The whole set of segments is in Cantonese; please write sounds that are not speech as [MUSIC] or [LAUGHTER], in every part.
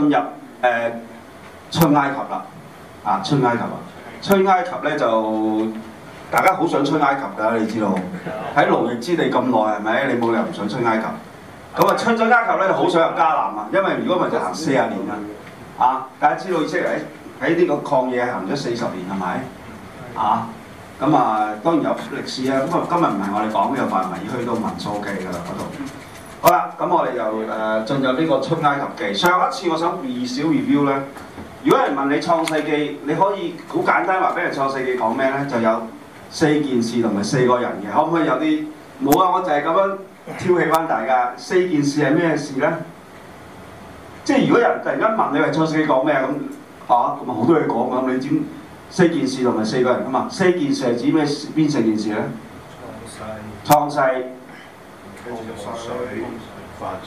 進入誒，出、呃、埃及啦，啊，出埃及啦，出埃及咧就大家好想出埃及㗎，你知道喺奴役之地咁耐係咪？你冇理由唔想出埃及。咁、嗯、啊，出咗埃及咧，好想入迦南啊，因為如果咪就行四十年啦，啊，大家知道意思係喺呢個曠野行咗四十年係咪？啊，咁、嗯、啊，當然有歷史啊，咁啊今日唔係我哋講，嘅範圍要去到民數記㗎啦嗰度。好啦，咁我哋由、呃、進入呢個出埃及記。上一次我想小 review 呢，如果有人問你創世記，你可以好簡單話俾人創世記講咩呢？就有四件事同埋四個人嘅。可唔可以有啲？冇啊，我就係咁樣挑起翻大家。四件事係咩事呢？即係如果有人突然間問你話創世記講咩啊咁，啊，咁啊好多人講噶，你知四件事同埋四個人噶嘛？四件事係指咩？邊四件事咧？事呢創世。創世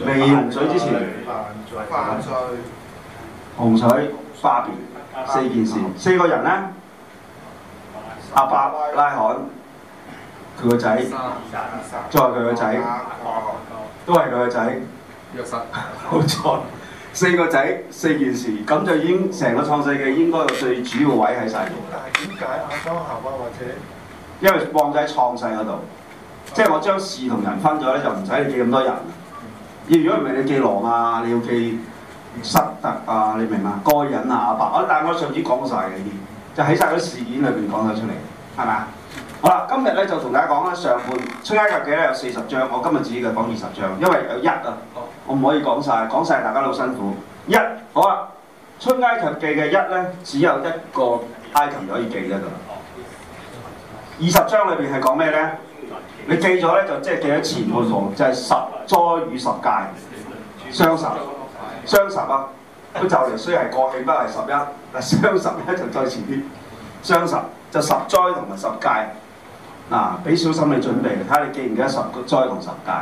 未洪水之前，洪水化別四件事，四個人咧，阿伯拉罕佢個仔，再佢個仔，都係佢個仔，約什，冇錯，四個仔，四件事，咁就已經成個創世記應該有最主要位喺曬。但係點解亞當夏娃或者？因為放喺創世嗰度。即係我將事同人分咗咧，就唔使你記咁多人。如果唔係你記狼啊，你要記塞特啊，你明嘛？該隱啊，亞伯。我但我上次講晒嘅呢啲，就喺晒啲事件裏邊講咗出嚟，係嘛？好啦，今日咧就同大家講咧，上半《出埃及記》咧有四十章，我今日只係講二十章，因為有一啊，我唔可以講晒，講晒大家好辛苦。一好啦，《出埃及記》呢嘅一咧只有一個埃及 e 可以記得噶啦。二十章裏邊係講咩咧？你記咗咧，就即、是、係記咗前半堂，就係、是、十災與十戒，雙十，雙十啊！咁就嚟，雖然係國慶不都係十一。但雙十咧就再前啲，雙十就十災同埋十戒。嗱，俾小心你準備，睇下你記唔記得十個災同十戒。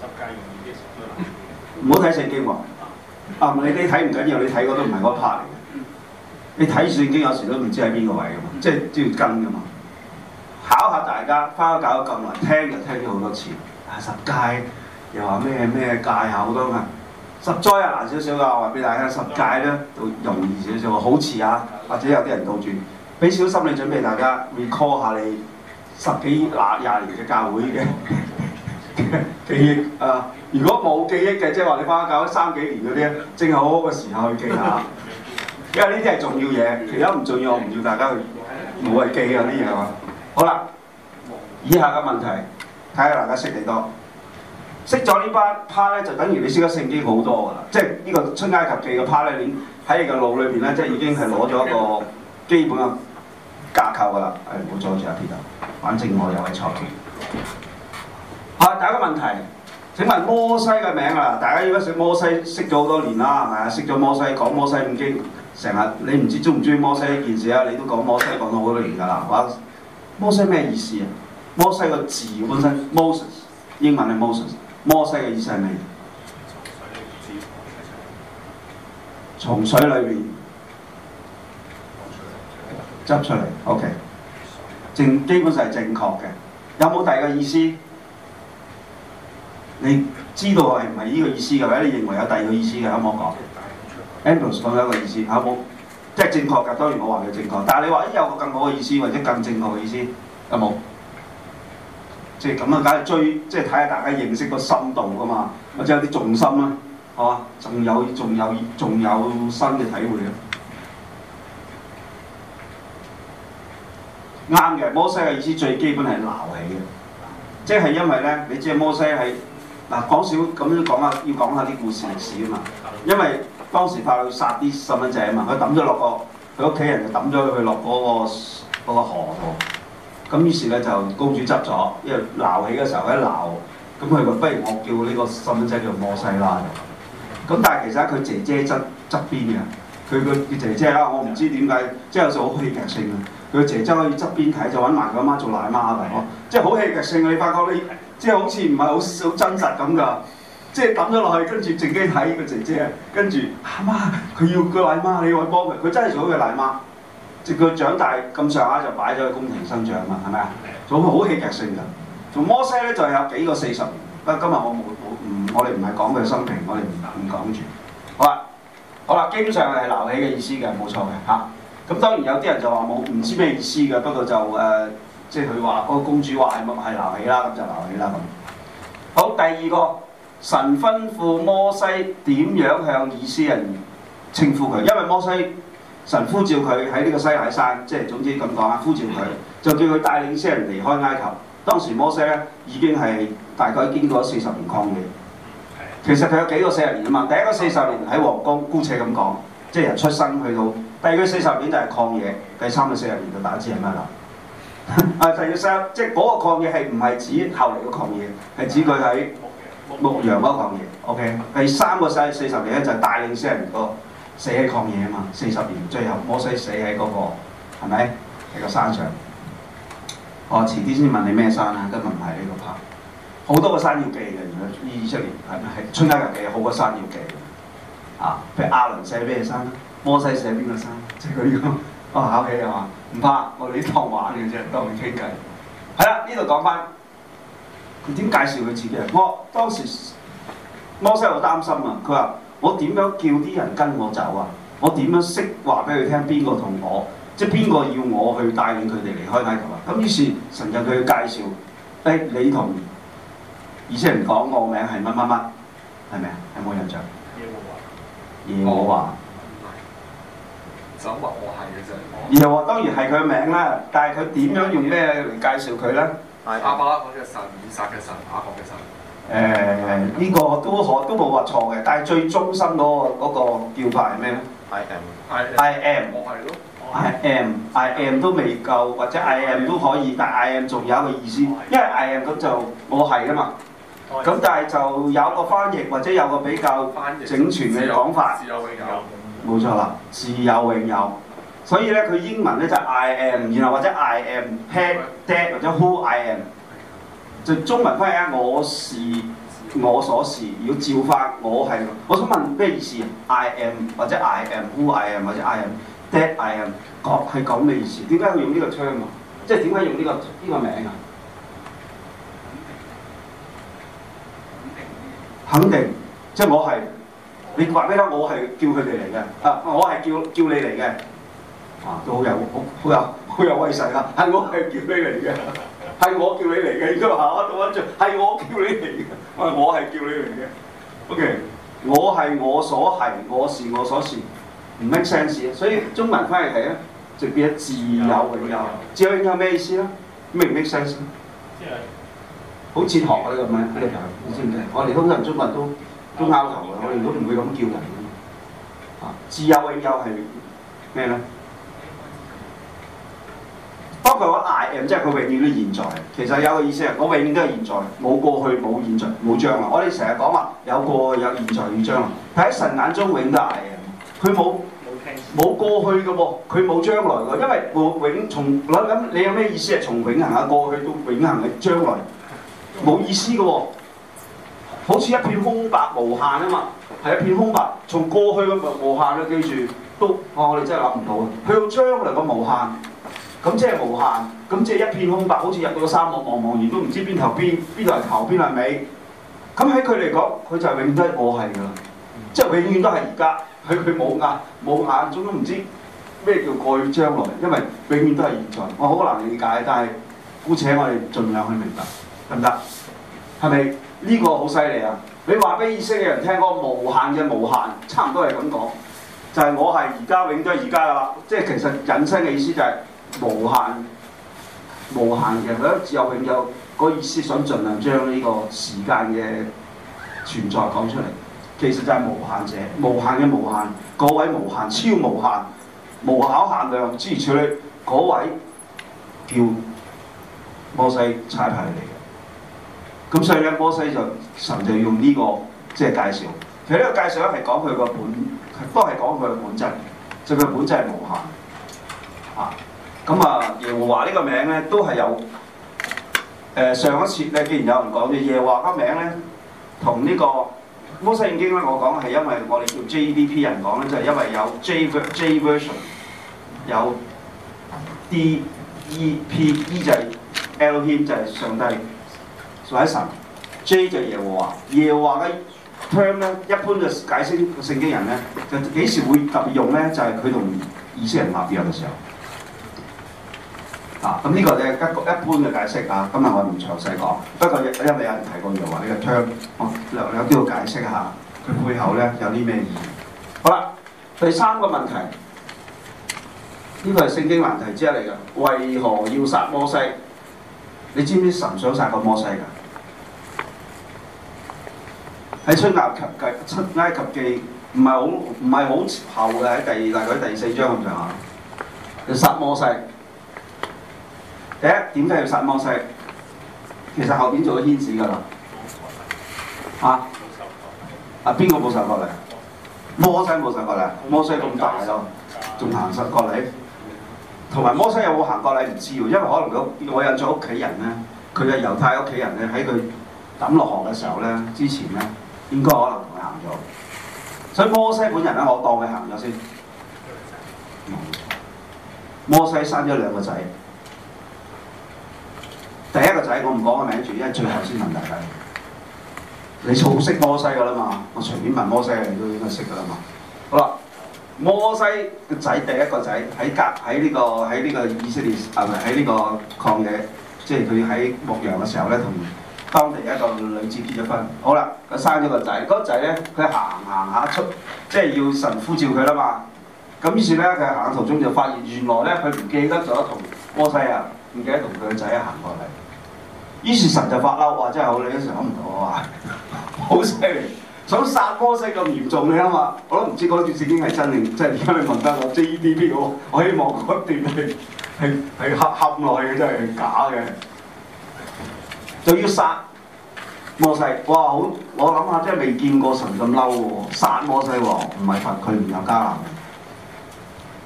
十戒與二十災。唔好睇聖經喎，啊！你你睇唔緊要，你睇嗰都唔係嗰 part 嚟嘅。你睇聖、嗯、經有時都唔知喺邊個位嘅嘛，即係都要跟嘅嘛。考下大家，翻去教咗咁耐，聽就聽咗好多次。啊，十戒又話咩咩戒口多嘅，十災又難少少噶。話俾大家，十戒咧就容易少少，好似啊，或者有啲人倒轉，俾小心理準備大家，recall 下你十幾廿廿年嘅教會嘅 [LAUGHS] 記憶啊。如果冇記憶嘅，即係話你翻去教咗三幾年嗰啲咧，正好個時候去記下，因為呢啲係重要嘢，其他唔重要，我唔要大家去冇謂記啊啲嘢啊。好啦，以下嘅問題睇下大家識幾多，識咗呢班 part 咧就等於你識得聖經好多噶啦，即係呢個出埃及記嘅 part 咧喺你嘅腦裏邊咧，即係已經係攞咗一個基本嘅架構噶啦。誒、哎，唔好阻住，啊鐵頭，反正我又係錯嘅。嚇，第一個問題，請問摩西嘅名啊？大家應該識摩西識咗好多年啦，係啊，識咗摩西講摩西五經，成日你唔知中唔中意摩西呢件事啊？你都講摩西講咗好多年㗎啦，話。摩西咩意思啊？摩西個字本身，Moses 英文係 Moses，摩西嘅意思係咩？從水裏面執出嚟，OK，正基本上係正確嘅。有冇第二個意思？你知道我係唔係呢個意思嘅？或者你認為有第二個意思嘅？可唔可以講？Endless 講咗一個意思，可唔？即係正確㗎，當然我話佢正確。但係你話，咦有個更好嘅意思，或者更正確嘅意思，有冇？即係咁啊，梗係追，即係睇下大家認識個深度啊嘛，或者有啲重心啊，係嘛？仲有仲有仲有新嘅體會啊！啱嘅，摩西嘅意思最基本係鬧起嘅，即係因為咧，你知啊，摩西係嗱講少咁樣講下，要講下啲故事歷史啊嘛，因為。當時怕佢殺啲細蚊仔啊嘛，佢抌咗落個佢屋企人就抌咗佢落嗰個河度。咁於是咧就公主執咗，因為撈起嘅時候喺撈，咁佢話不如我叫呢個細蚊仔叫摩西啦。咁但係其實佢姐姐側側邊嘅，佢佢姐姐啦，我唔知點解，即係就好戲劇性啊。佢姐姐可以側邊睇就揾埋佢阿媽做奶媽啦，即係好戲劇性啊！你發覺你即係、就是、好似唔係好好真實咁㗎。即係抌咗落去，跟住自己睇個姐姐，跟住阿媽，佢要個奶媽，你要去幫佢，佢真係做佢奶媽，直佢長大咁，上下就擺咗去宮廷生長嘛，係咪啊？仲好戲劇性噶，仲摩西咧就係有幾個四十年。不過今日我冇冇，唔我哋唔係講佢生平，我哋唔唔講住。好啦，好啦，基本上係鬧氣嘅意思嘅，冇錯嘅嚇。咁、啊、當然有啲人就話冇唔知咩意思嘅，不過就誒、呃，即係佢話嗰個公主話係係鬧氣啦，咁就鬧氣啦咁。好，第二個。神吩咐摩西點樣向以色列人稱呼佢，因為摩西神呼召佢喺呢個西奈山，即係總之咁講啊，呼召佢就叫佢帶領以色列人離開埃及。當時摩西咧已經係大概經過四十年曠野，其實佢有幾個四十年啊嘛。第一個四十年喺皇宮姑且咁講，即係由出生去到；第二個四十年就係曠野；第三個四十年就大家知係咩啦？啊，第二個三即係嗰個曠野係唔係指後嚟嘅曠野？係指佢喺。牧羊喺曠野，OK，第三個世，四十年就係帶領四人個死喺曠野啊嘛，四十年最後摩西死喺嗰、那個係咪？係個山上，我、哦、遲啲先問你咩山啦、啊，今日唔係呢個 part 好多個山要記嘅，而家呢出年係係出家人記好多山要記啊，譬如亞倫死喺咩山啦、啊，摩西死喺邊個山即係佢呢個哦考起係嘛？唔、okay, 啊、怕，我哋當玩嘅啫，當你傾偈。係、哎、啦，呢度講翻。佢點介紹佢自己？我當時摩西好擔心啊！佢話：我點樣叫啲人跟我走啊？我點樣識話俾佢聽邊個同我？即係邊個要我去帶領佢哋離開埃及啊？咁於是神就佢介紹：誒、哎，你同以色列人講我名係乜乜乜，係咪啊？有冇印象？耶和華。耶和華。就話、是、我係嘅啫。耶和華當然係佢名啦，但係佢點樣用咩嚟介紹佢咧？阿、啊、伯拉罕神，以色嘅神，亞、啊、伯嘅神。誒、嗯，呢、這個都可，都冇話錯嘅。但係最終身嗰、那個叫法係咩咧？I am。I am。係咯。I m I m 都未夠，或者 I am 都可以，但 I am 仲有一個意思，因為 I am 咁就我係啊嘛。咁但係就有一個翻譯，或者有個比較整全嘅講法。自有永有。冇錯啦，自由永有。所以咧，佢英文咧就是、I am，然後或者 I am That I am 或者 Who I am，就中文翻嚟咧，我是我所是，要照翻我係。我想問咩意思？I am 或者 I am Who I am 或者 I am That I am 講係講咩意思？點解佢用呢個 term 啊、這個？即係點解用呢個呢個名啊？肯定即係、就是、我係你話咩咧？我係叫佢哋嚟嘅啊！我係叫叫你嚟嘅。啊，都好有好有好有威勢啊，係我係叫你嚟嘅，係我叫你嚟嘅，應該嚇，做緊做，係我叫你嚟嘅，我係叫你嚟嘅。O、okay, K，我係我所係，我是我所是，唔 make sense 啊。所以中文翻嚟睇，啊，就變咗自有永有，自有永有咩意思啊？唔 make sense，即係好哲學啊！呢、這個咩？你知唔知？我、哦、哋通常中國人都中國人都拗頭啊，我哋都唔會咁叫人啊。自有永有係咩咧？包括我 I am，咁即係佢永遠都現在。其實有個意思係，我永遠都係現在，冇過去，冇現在，冇將來！我哋成日講話有過、有現在、有將來，但喺神眼中永得 I am！佢冇冇過去嘅噃，佢冇將來嘅，因為我永從諗緊你有咩意思係？從永恆嘅過去到永恆嘅將來，冇意思嘅喎、哦，好似一片空白無限啊嘛，係一片空白，從過去嘅無無限啊，記住都啊，我、哦、哋真係諗唔到啊，向將來嘅無限。咁即係無限，咁即係一片空白，好似入到個沙漠茫茫而，然都唔知邊頭邊邊頭係頭邊係尾。咁喺佢嚟講，佢就係永遠都係我係㗎，即係永遠都係而家。喺佢冇眼冇眼，中都唔知咩叫過去將來，因為永遠都係現在。我好難理解，但係姑且我哋盡量去明白得唔得？係咪呢個好犀利啊？你話俾意識嘅人聽，嗰、那個無限嘅無限，差唔多係咁講，就係、是、我係而家，永遠都係而家啦。即係其實引申嘅意思就係、是。無限無限嘅，佢係自有永有、那個意思，想盡量將呢個時間嘅存在講出嚟。其實就係無限者，無限嘅無限，嗰位無限超無限，無考限量之處。嗰位叫摩西差派嚟嘅。咁所以咧，摩西就神就用呢、這個即係、就是、介紹。其實呢個介紹係講佢個本，都係講佢嘅本質。即係佢本質係無限啊。咁啊，耶和華呢個名咧都係有誒、呃、上一次咧，既然有人講嘅耶和華個名咧，同呢、這個《摩西五經》咧，我講係因為我哋叫 JDP 人講咧，就係、是、因為有 J J version 有 D E P，E 就係 L 謙，就係上帝，就係神，J 就係耶和華，耶和華嘅 term 咧，一般嘅解釋聖經人咧，就幾時會特別用咧，就係佢同以色列人合約嘅時候。啊，咁、這、呢個咧一個一般嘅解釋啊，今日我唔詳細講。不過因為有人提過就話，呢、這個章我略略都要解釋下，佢背後咧有啲咩意義？好啦，第三個問題，呢、這個係聖經難題之一嚟㗎，為何要殺摩西？你知唔知神想殺個摩西㗎？喺出埃及出埃及記唔係好唔係好後嘅喺第大概第四章咁上下，殺、嗯、摩西。第一，點解要殺摩西？其實後面做咗牽涉噶啦，嚇，啊邊個冇殺過你？摩西冇殺過你？摩西咁大咯，仲行殺過你？同埋摩西有冇行過你？唔知喎，因為可能佢我印象屋企人咧，佢嘅猶太屋企人咧喺佢揼落河嘅時候咧，之前咧應該可能同佢行咗，所以摩西本人咧，我當佢行咗先。嗯，摩西生咗兩個仔。第一個仔我唔講個名住，因為最後先問大家。你好識摩西㗎啦嘛？我隨便問摩西，你都應該識㗎啦嘛？好啦，摩西個仔第一個仔喺隔喺呢、這個喺呢個以色列唔係喺呢個曠野？即係佢喺牧羊嘅時候咧，同當地一個女子結咗婚。好啦，佢生咗個仔，嗰、那個仔咧佢行行下出，即係要神呼召佢啦嘛。咁於是咧，佢行嘅途中就發現，原來咧佢唔記得咗同摩西啊，唔記得同佢個仔行過嚟，於是神就發嬲話：真係好你經常諗唔到啊！好犀利，想殺摩西咁嚴重你啊嘛！我都唔知嗰段事係真定即係點解你問得我？即係呢啲我我希望嗰段係係係陷陷內嘅，真係假嘅。就要殺摩西，哇！好，我諗下真係未見過神咁嬲喎，殺摩西王唔係罰，佢唔有加家。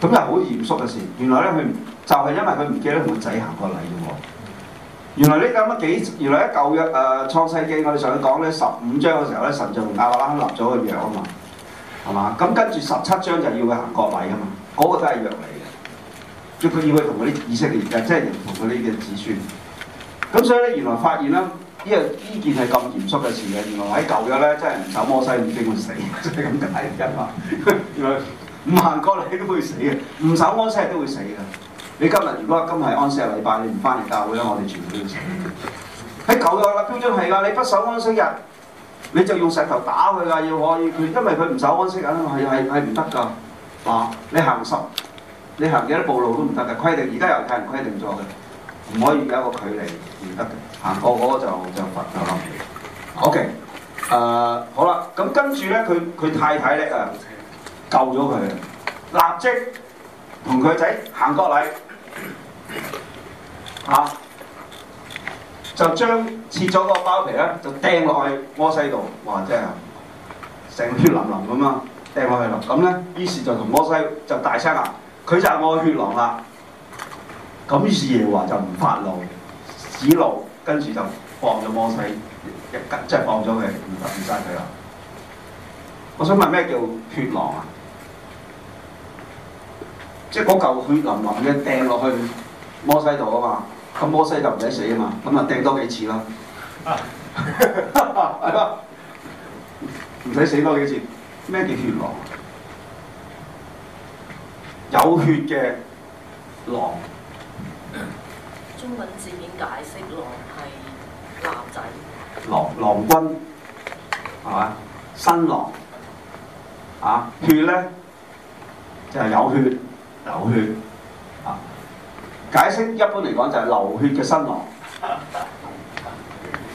咁係好嚴肅嘅事。原來咧，佢。就係因為佢唔記得同個仔行割禮嘅喎，原來呢咁嘅幾，原來喺舊約誒、呃、創世記，我哋上次講咧十五章嘅時候咧，神就同亞伯拉罕立咗個約啊嘛，係嘛？咁跟住十七章就要佢行割禮啊嘛，嗰個都係約嚟嘅，即佢要佢同嗰啲以色列人即係同佢呢啲子孫。咁所以咧，原來發現啦，呢個呢件係咁嚴肅嘅事嘅，原來喺舊約咧真係唔守摩西五經會死，真係咁解因嘛。原來唔行割禮都會死嘅，唔守摩西都會死嘅。你今日如果今日係安息禮拜，你唔翻嚟教會咧，我哋全部都要死。喺舊約立標準係㗎，你不守安息日，你就用石頭打佢㗎，要可以佢，因為佢唔守安息日，係係係唔得㗎，啊！你行十，你行幾多步路都唔得嘅規定，而家又派人規定咗嘅，唔可以有一個距離唔得嘅。行過個就就罰咗啦。O K，誒好啦，咁跟住咧，佢佢太體力啊，OK, 啊太太救咗佢，立即。同佢仔行過禮，嚇、啊、就將切咗嗰個包皮咧，就掟落去摩西度，哇！真係成個血淋淋咁啊，掟落去啦。咁咧，於是就同摩西就大聲啊，佢就係我血狼啊！咁於是耶和華就唔發怒，止怒，跟住就放咗摩西，即係放咗佢，唔殺佢啦。我想問咩叫血狼啊？即係嗰嚿血淋淋嘅掟落去摩西度啊嘛，咁摩西就唔使死啊嘛，咁啊掟多幾次咯。唔使死多幾次。咩叫血郎？有血嘅郎。中文字典解釋郎係男仔。郎，郎君係嘛？新郎啊，血咧就係、是、有血。流血啊！解釋一般嚟講就係流血嘅新郎， [LAUGHS]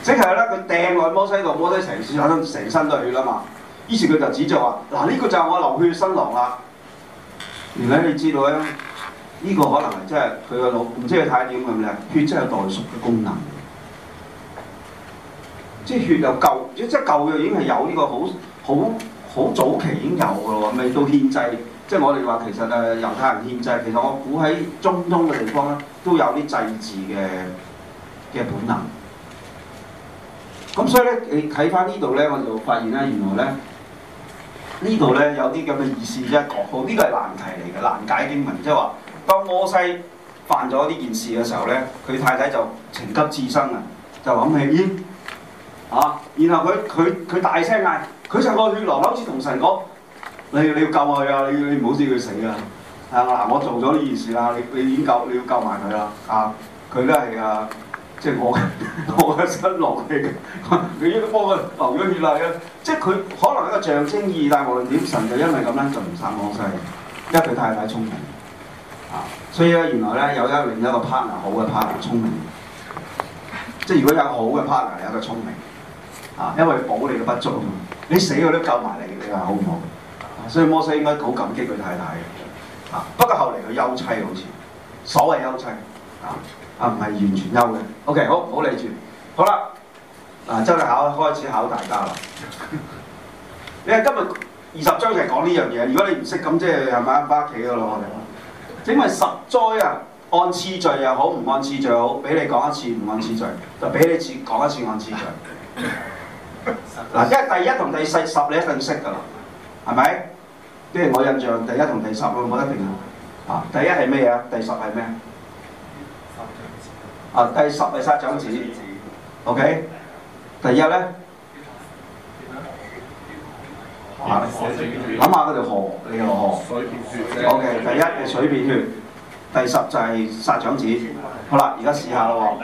即係咧佢掟落摩西度，摩西成身，可能成身都係血啦嘛。於是佢就指著話：嗱、啊，呢、這個就係我流血新郎啦。原來你知道咧，呢、這個可能係即係佢個腦唔知佢太點咁嘅，血真係有代贖嘅功能。即係血又舊，即係舊嘅已經係有呢、這個好好好早期已經有嘅喎，未到獻祭。即我哋話其實誒猶太人獻祭，其實我估喺中東嘅地方咧都有啲祭祀嘅嘅本能。咁所以呢，你睇翻呢度呢，我就發現呢、啊，原來咧呢度呢，有啲咁嘅意思啫。好，呢、這個係難題嚟嘅，難解經文。即係話當摩西犯咗呢件事嘅時候呢，佢太太就情急智生啊，就諗起邊啊，然後佢佢佢大聲嗌，佢就個血郎好似同神講。你你要救佢啊！你，你要唔好知佢死啊！啊嗱，我做咗呢件事啦，你你，已經你要救你要救埋佢啦！啊，佢都係啊，即係我 [LAUGHS] 我嘅新郎嚟嘅，佢 [LAUGHS] 幫佢留咗血例啊！即係佢可能一個象徵意義，但係無論點，神就因為咁啦，就唔殺摩西，因為佢太太聰明啊！所以咧，原來咧有一另一個 partner 好嘅 partner part 聰明，即係如果有好嘅 partner 有一個聰明啊，因為補你嘅不足啊嘛！你死佢都救埋你，你話好唔好？所以摩西應該好感激佢太太嘅，啊！不過後嚟佢休妻好似，所謂休妻，啊啊唔係完全休嘅。OK，好，唔好理住。好啦，啊，周立考開始考大家啦。你係今日二十章就係講呢樣嘢。如果你唔識咁，即係係咪翻屋企嘅啦？我哋，整埋十災啊，按次序又好，唔按次序又好，俾你講一次唔按次序，就俾你講一次按次序。嗱、啊，因為第一同第四十你一定識噶啦，係咪？即係我印象第一同第十，我冇得定啊！第一係咩嘢？第十係咩？啊，第十係殺長子，OK。第一呢？諗、啊、下嗰條河，你、哦、條河，OK。第一係水變血，第十就係殺長子。好啦，而家試下咯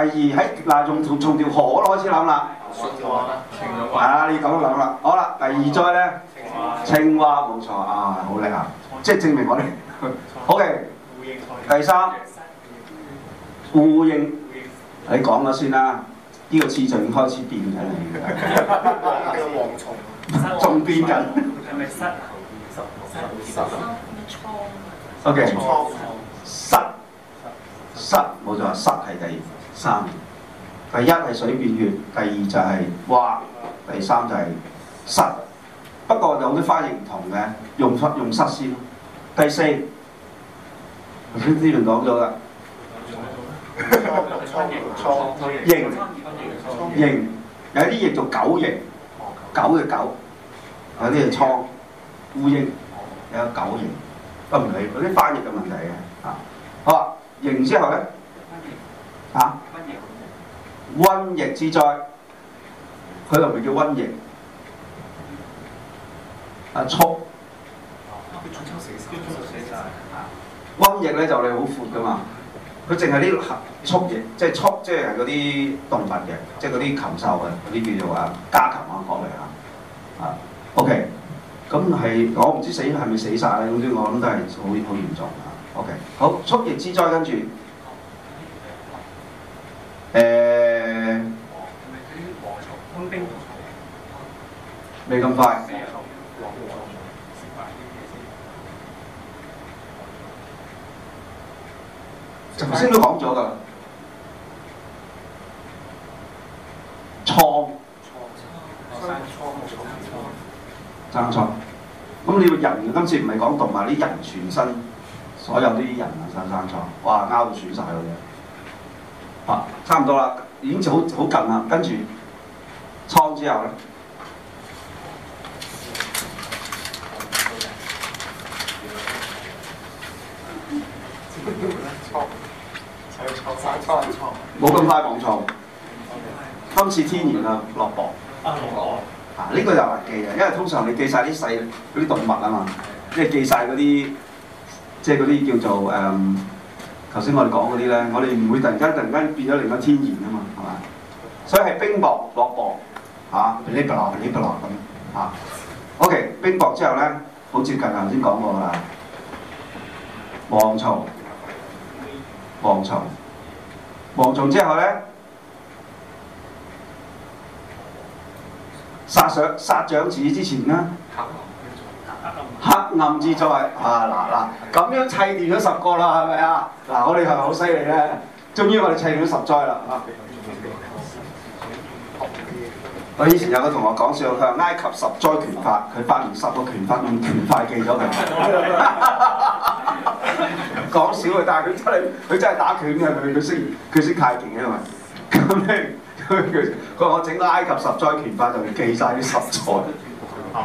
喎。第二喺嗱，從從條河開始諗啦，啊，你咁都諗啦。好啦，第二災呢？青蛙冇錯啊，好叻啊！即係證明我哋好嘅。嗯、OK，第三互應，你講咗先啦。呢、這個次序開始變嘅。叫蝗蟲，仲變緊。係咪虱？虱？虱？咩錯啊？O K，錯。虱，虱，冇錯，虱係、okay, 嗯、第三。第一係水變血，第二就係蛙，第三就係虱。不過有啲花型唔同嘅，用失用失先。第四，啲師兄講咗啦。仲喺度咩？蒼蠅， [LAUGHS] 蠅有啲叫做狗蠅，狗嘅狗，有啲係蒼蠅烏蠅，有狗蠅，都唔理嗰啲花型嘅問題嘅。啊，好，蠅之後呢，啊，瘟疫之災，佢又唔叫瘟疫？啊，畜，瘟疫咧就你好闊噶嘛，佢淨係啲畜疫，即係畜，即係嗰啲動物嘅，即係嗰啲禽獸嘅嗰啲叫做啊家禽啊講嚟啊，啊，OK，咁係我唔知死係咪死晒啦，總之我諗都係好好嚴重啊，OK，好，畜疫之災跟住，誒，未咁快。頭先都講咗㗎，瘡，生瘡，咁你要人。今次唔係講動物，啲人全身，所有啲人啊生生瘡，哇勾到損晒啲。啊，差唔多啦，已經就好好近啦。跟住瘡之後咧。冇咁快講錯。Okay. 今次天然啊，落雹。啊、uh，我啊，呢個又難記啊，因為通常你記晒啲細嗰啲動物啊嘛，即係記晒嗰啲，即係嗰啲叫做誒，頭、嗯、先我哋講嗰啲咧，我哋唔會突然間突然間變咗另外天然啊嘛，係嘛？所以係冰雹落雹啊，噼里啪啦，噼里啪啦咁啊。O K，冰雹之後咧，好似近頭先講過啦，蝗蟲。蝗蟲，蝗蟲之後咧，殺長殺長子之前啦，黑暗之災，啊嗱嗱，咁、啊啊、樣砌掂咗十個啦，係咪啊？嗱，我哋係咪好犀利咧？終於我哋砌咗十災啦啊！我、嗯嗯嗯嗯嗯、以前有個同學講笑，佢話埃及十災拳法，佢發現十個拳法用拳法記咗佢。 [LAUGHS] [LAUGHS] 講少啊，但係佢真係佢真係打拳嘅，佢佢識佢識泰拳嘅係咪？咁咧佢佢話我整埃及十災拳法，就記晒啲十災。暗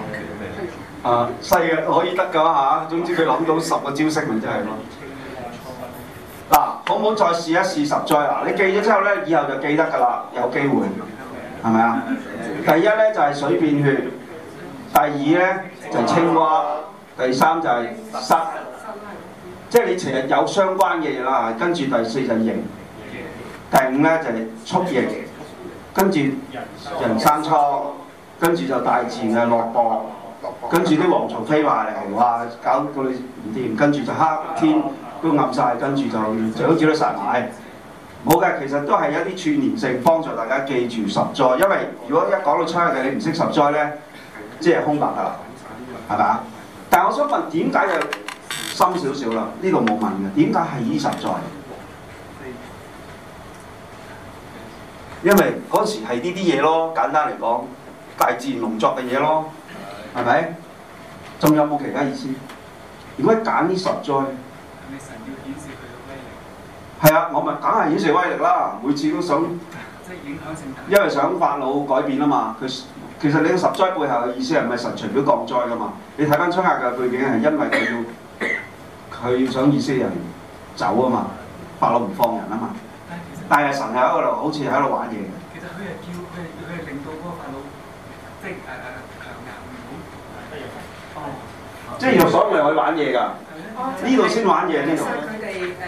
啊，細嘅可以得噶嚇、啊，總之佢諗到十個招式咪即係咯。嗱、啊，好唔好再試一試十災啊？你記咗之後呢，以後就記得㗎啦，有機會係咪啊？第一呢就係、是、水變血，第二呢就係、是、青蛙，第三就係虱。即係你成日有相關嘅嘢啦，跟住第四就盈，第五咧就係速盈，跟住人生初，跟住就大自然嘅落博，跟住啲蝗蟲飛埋嚟，哇！搞到你唔掂，跟住就黑天都暗晒，跟住就最好只得殺埋。冇嘅，其實都係一啲串連性幫助大家記住十災，因為如果一講到差嘅，你唔識十災咧，即係空白㗎啦，係咪啊？但係我想問點解又？深少少啦，呢度冇問嘅，點解係呢十災？嗯、因為嗰時係呢啲嘢咯，簡單嚟講，大自然農作嘅嘢咯，係咪的？仲有冇其他意思？點解揀呢十災？係咪神要顯示佢嘅威力？係啊，我咪梗係顯示威力啦！每次都想， [LAUGHS] 因為想法老改變啊嘛。佢其實你個十災背後嘅意思係唔係神除咗降災噶嘛？你睇翻出埃及嘅背景係因為佢要。佢想以色列人走啊嘛，法老唔放人啊嘛，但係神係喺度，好似喺度玩嘢。其實佢係叫佢係叫佢係令到嗰個法老，即係誒誒強硬唔肯屈服。即係用所謂去玩嘢㗎，呢度先玩嘢呢度。佢哋誒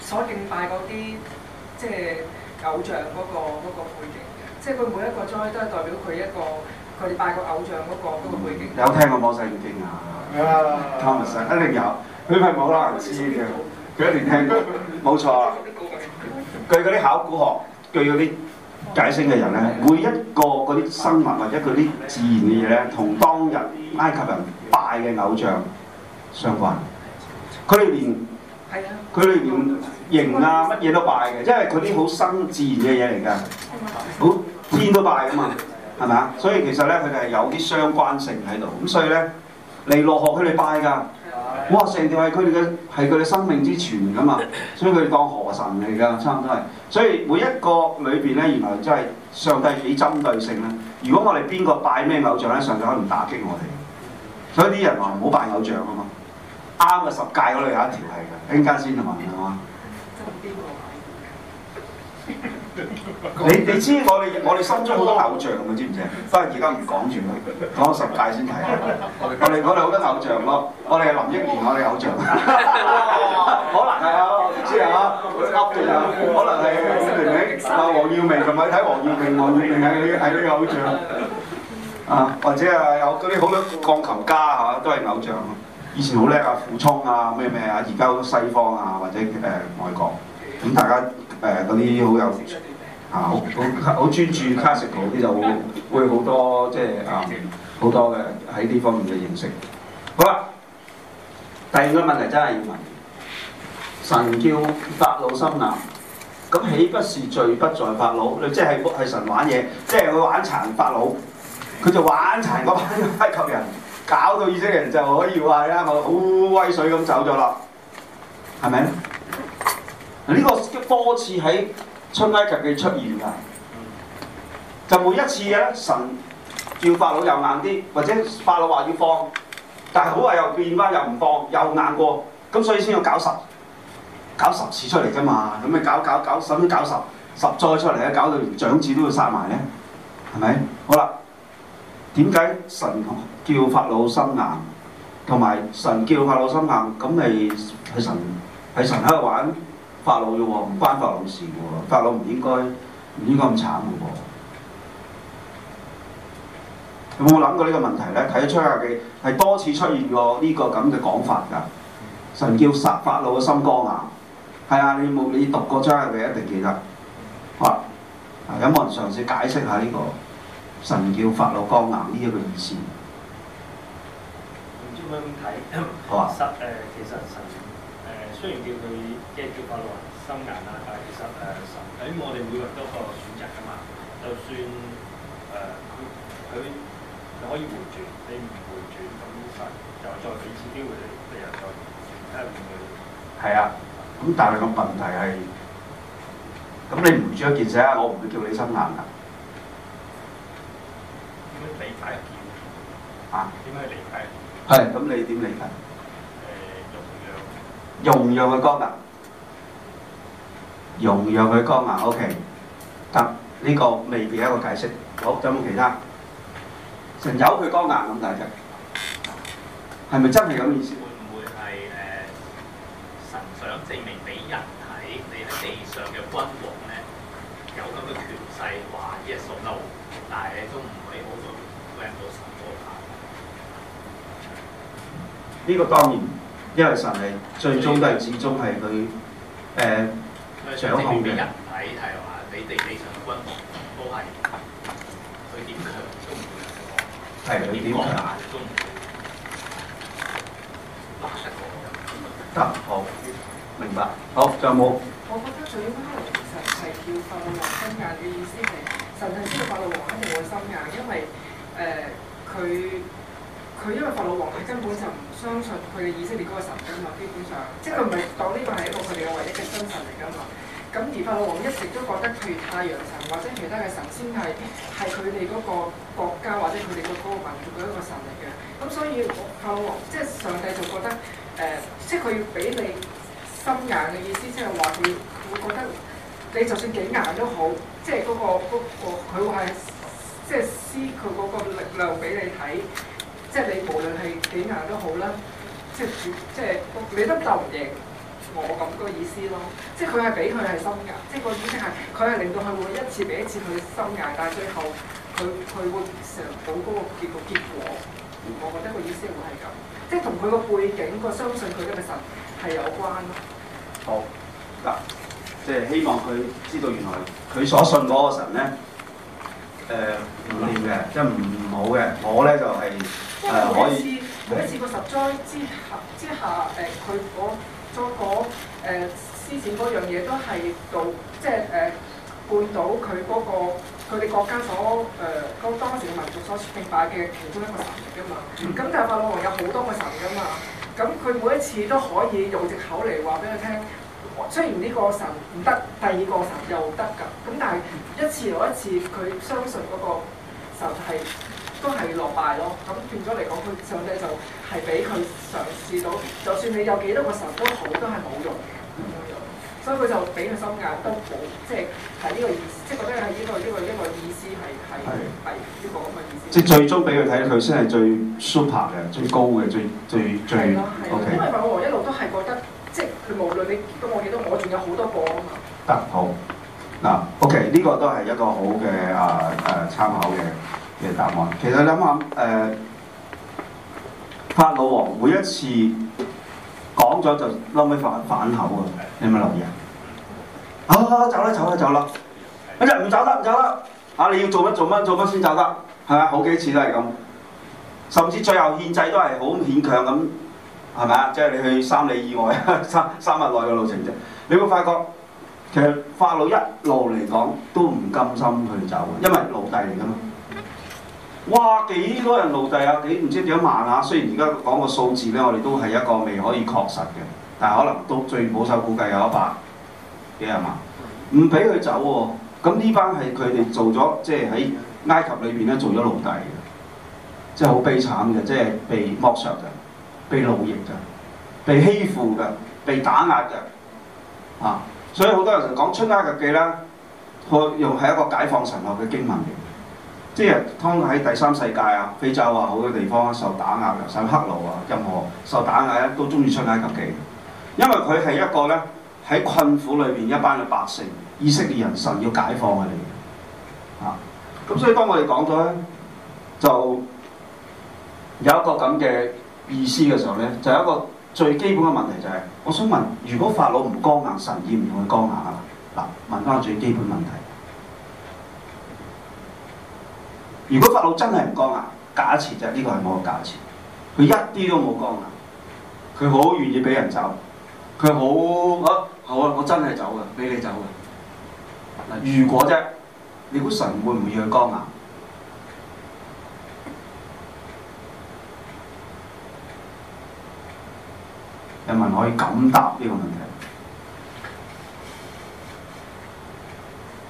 所敬拜嗰啲，即係偶像嗰個嗰個背景嘅，即係佢每一個災都係代表佢一個佢哋拜個偶像嗰個嗰個背景。有聽過冇？Thomas 一定有。佢咪冇可能知嘅，佢一定聽過。冇錯，據嗰啲考古學，據嗰啲解釋嘅人咧，每一個嗰啲生物或者嗰啲自然嘅嘢咧，同當日埃及人拜嘅偶像相關。佢哋連佢哋連形啊乜嘢都拜嘅，因為佢啲好生自然嘅嘢嚟㗎，好天都拜㗎嘛，係咪啊？所以其實咧，佢哋係有啲相關性喺度。咁所以咧，尼羅河佢哋拜㗎。哇！成條係佢哋嘅，係佢哋生命之泉噶嘛，所以佢哋當河神嚟噶，差唔多係。所以每一個裏邊咧，原來真係上帝幾針對性咧。如果我哋邊個拜咩偶像咧，上帝可能打擊我哋。所以啲人話唔好拜偶像啊嘛，啱嘅，十戒嗰度有一條係嘅。一陣間先同問啊嘛。你你知我哋我哋心中好多偶像嘅，知唔知啊？不過而家唔講住佢，講十誡先。睇我哋我哋好多偶像咯，我哋係林英傑，我哋偶像。可能係啊，知啊，會啊。可能係，明明，知啊？啊，黃耀明同埋睇黃耀明，黃耀明係係啲偶像啊，或者啊，有嗰啲好多鋼琴家嚇都係偶像。以前好叻啊，傅聰啊，咩咩啊，而家好多西方啊，或者誒外國，咁大家。誒嗰啲好有啊，好好專注 classic 嗰啲就會好多即係啊，好多嘅喺呢方面嘅認識。好啦，第二個問題真係要問，神叫法老心硬，咁豈不是罪不在法老？你即係係神玩嘢，即係佢玩殘法老，佢就玩殘嗰班埃及人，搞到以色列人就可以話啊，我好威水咁走咗啦，係咪？呢個多次喺《出埃及記》出現㗎，就每一次神叫法老又硬啲，或者法老話要放，但好話又變翻又唔放，又硬過，咁所以先要搞十搞十次出嚟㗎嘛，咁咪搞搞搞，使乜搞，搞十十災出嚟，搞到連長子都要殺埋呢，係咪？好啦，點解神叫法老心硬，同埋神叫法老心硬？咁咪係神係神喺度玩？法老嘅喎，唔關法老嘅事嘅喎，法老唔應該唔應該咁慘嘅喎。有冇諗過呢個問題咧？睇《出埃及記》係多次出現過呢個咁嘅講法㗎。神叫殺法老嘅心剛硬，係啊，你冇你讀過《出埃及記》一定記得。好啊，有冇人嘗試解釋下呢、呢個神叫法老剛硬呢一個意思？唔知點樣睇？好啊吧，殺誒，其實神雖然叫佢即係叫法老心硬啊，但係其實誒，喺我哋每個人都有個選擇噶嘛。就算誒，佢、呃、佢可以回轉，你唔回轉咁實，就再俾次機會你，你又再唔回轉。係啊，咁但係個問題係，咁你唔住一件事啊，我唔會叫你心硬啊。點樣理解啊？啊？點樣理解？係、啊。咁、啊、你點理解？用藥嘅光脈，用藥嘅光脈，OK，得呢、這個未必係一個解釋。好，仲有冇其他？神有佢光脈咁大隻，係咪真係咁意思？會唔會係誒、呃、神想證明俾人睇，你喺地上嘅君王咧有咁嘅權勢，話 yes or no？但係咧都唔可以攞佢誒做什麼呢？呢個當然。因為神係最終都係始終係佢誒掌控嘅。體係話你地地上軍隊都係佢點強攻，係佢明白。好，仲有冇？我覺得最關鍵其實係叫法老王心硬嘅意思係，神係知道法老王喺度心硬，因為誒佢。呃佢因為法老王係根本就唔相信佢哋以色列嗰個神噶嘛，基本上即係佢唔係當呢個係一個佢哋嘅唯一嘅真神嚟噶嘛。咁而法老王一直都覺得譬如太陽神或者其他嘅神仙係係佢哋嗰個國家或者佢哋個嗰民族嘅一個神嚟嘅。咁所以法老王即係上帝就覺得誒、呃，即係佢要俾你心眼嘅意思，即係話佢會覺得你就算幾眼都好，即係嗰、嗰個佢、嗰個、會係即係施佢嗰個力量俾你睇。即係你無論係幾硬都好啦，即係主即係你都就唔應我咁個意思咯。即係佢係俾佢係心硬，即係個意思係佢係令到佢每一次俾一次佢心硬，但係最後佢佢會成好高個結局結果。我覺得個意思會係咁，即係同佢個背景個相信佢嘅神係有關咯。好嗱，即係希望佢知道原來佢所信嗰個神咧，誒、呃、唔念嘅，即係唔好嘅。我咧就係、是。因為每一次，每一次個十災之下之下，誒佢我再講施展嗰樣嘢都係到，即係誒半島佢嗰個佢哋國家所誒嗰、呃、當時嘅民族所崇拜嘅其中一個神嚟㗎嘛。咁、嗯、但係法老王有好多個神㗎嘛，咁佢每一次都可以用藉口嚟話俾佢聽，雖然呢個神唔得，第二個神又得㗎，咁但係一次又一次，佢相信嗰個神係都係落敗咯，咁變咗嚟講，佢上帝就係俾佢嘗試到，就算你有幾多個神都好，都係冇用嘅，mm hmm. 所以佢就俾佢心眼都好，即係係呢個意思，即係覺得係呢個呢個呢個意思係係呢個咁嘅意思。即係最終俾佢睇，佢先係最 super 嘅、最高嘅、最最最 Okay. 因為我一路都係覺得，即係佢無論你結到冇結到，我仲有好多個啊嘛。得，好嗱、啊，OK，呢個都係一個好嘅啊誒、啊、參考嘅。嘅答案其實你諗下，誒、呃、法老王每一次講咗就嬲屘反反口㗎！你有冇留意啊？好，走啦走啦走啦！唔走得唔的走得嚇、啊！你要做乜做乜做乜先走得係嘛？好幾次都係咁，甚至最後獻祭都係好勉強咁係咪啊？即係、就是、你去三里以外、三三日內嘅路程啫。你會發覺其實法老一路嚟講都唔甘心去走，因為奴隸嚟㗎嘛。哇！幾多人奴隸啊？幾，唔知幾萬呀。雖然而家講個數字咧，我哋都係一個未可以確實嘅，但係可能都最保守估計有一百幾廿萬，唔俾佢走喎，啊。咁呢班係佢哋做咗，即係喺埃及裏邊咧做咗奴隸嘅，即係好悲慘嘅，即係被剝削嘅，被奴役嘅，被欺負嘅，被打壓嘅啊！所以好多人就講出埃及記啦，佢又係一個解放神學嘅經文嚟。即係通常喺第三世界啊，非洲啊，好多地方受打壓嘅，甚至黑奴啊，任何受打壓咧，都中意出埃及記，因為佢係一個咧喺困苦裏邊一班嘅百姓，以色列人神要解放佢哋。啊，咁所以當我哋講咗咧，就有一個咁嘅意思嘅時候咧，就有一個最基本嘅問題就係、是，我想問：如果法老唔剛硬，神要唔要佢剛硬啊？嗱，問翻最基本問題。如果法老真係唔剛硬，假設啫，呢、這個係我嘅假設，佢一啲都冇剛硬，佢好願意俾人走，佢、啊、好我好啦，我真係走㗎，俾你走㗎。如果啫，你估神會唔會要佢剛硬？有冇人可以咁答呢個問題？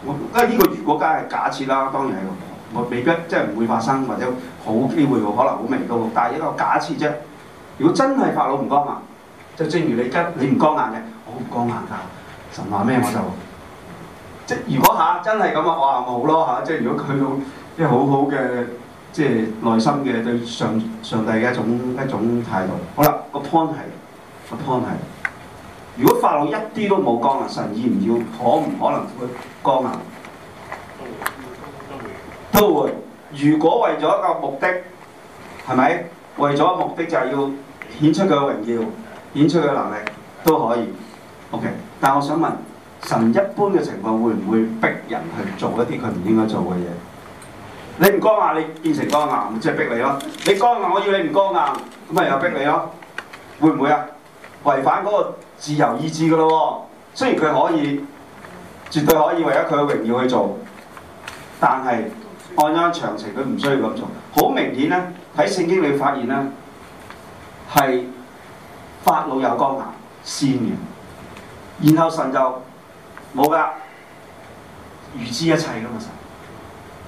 我啊呢個如果梗係假設啦，當然係。我未必即係唔會發生，或者好機會可能好明到，但係一個假設啫。如果真係法老唔剛硬，就正如你而家你唔剛硬嘅，我唔剛硬㗎。神話咩我就即係如果吓、啊，真係咁啊，哇！冇好咯嚇，即係如果佢到即係好好嘅，即係內心嘅對上上帝嘅一種一種態度。好啦，個 point 係個 point 係，如果法老一啲都冇剛硬，神要唔要，可唔可能去剛硬？都會。如果為咗一個目的，係咪？為咗目的就係要顯出佢嘅榮耀，顯出佢嘅能力，都可以。OK。但係我想問，神一般嘅情況會唔會逼人去做一啲佢唔應該做嘅嘢？你唔剛硬，你變成剛硬，即係逼你咯。你剛硬，我要你唔剛硬，咁咪又逼你咯。會唔會啊？違反嗰個自由意志嘅咯。雖然佢可以，絕對可以為咗佢嘅榮耀去做，但係。按翻常情，佢唔需要咁做。好明顯呢，喺聖經裏發現咧，係法老有剛硬善言，然後神就冇㗎，預知一切嘅神，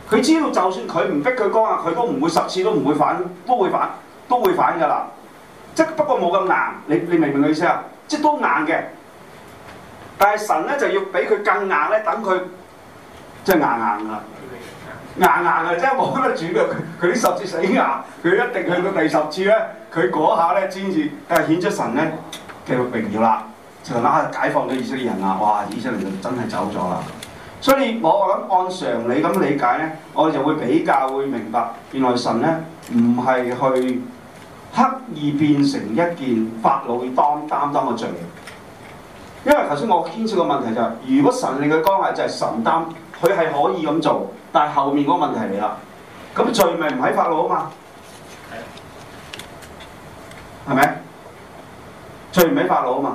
佢知道就算佢唔逼佢剛硬，佢都唔會十次都唔會反，都會反，都會反㗎啦。即不過冇咁硬，你你明唔明個意思啊？即都硬嘅，但係神呢就要俾佢更硬咧，等佢即、就是、硬硬啊。硬硬嘅，即係冇得轉嘅，佢啲十次死硬，佢一定向佢第十次、呃、呢。佢嗰下呢，先至誒顯出神呢嘅榮耀啦，就嗱解放咗以色列人啊！哇，以色列人真係走咗啦。所以我諗按常理咁理解呢，我就會比較會明白，原來神呢，唔係去刻意變成一件法老要當擔當嘅罪，因為頭先我牽涉個問題就係、是，如果神你嘅關係就係神擔。佢係可以咁做，但係後面嗰個問題嚟啦。咁罪名唔喺法老啊嘛，係咪？罪唔喺法老啊嘛，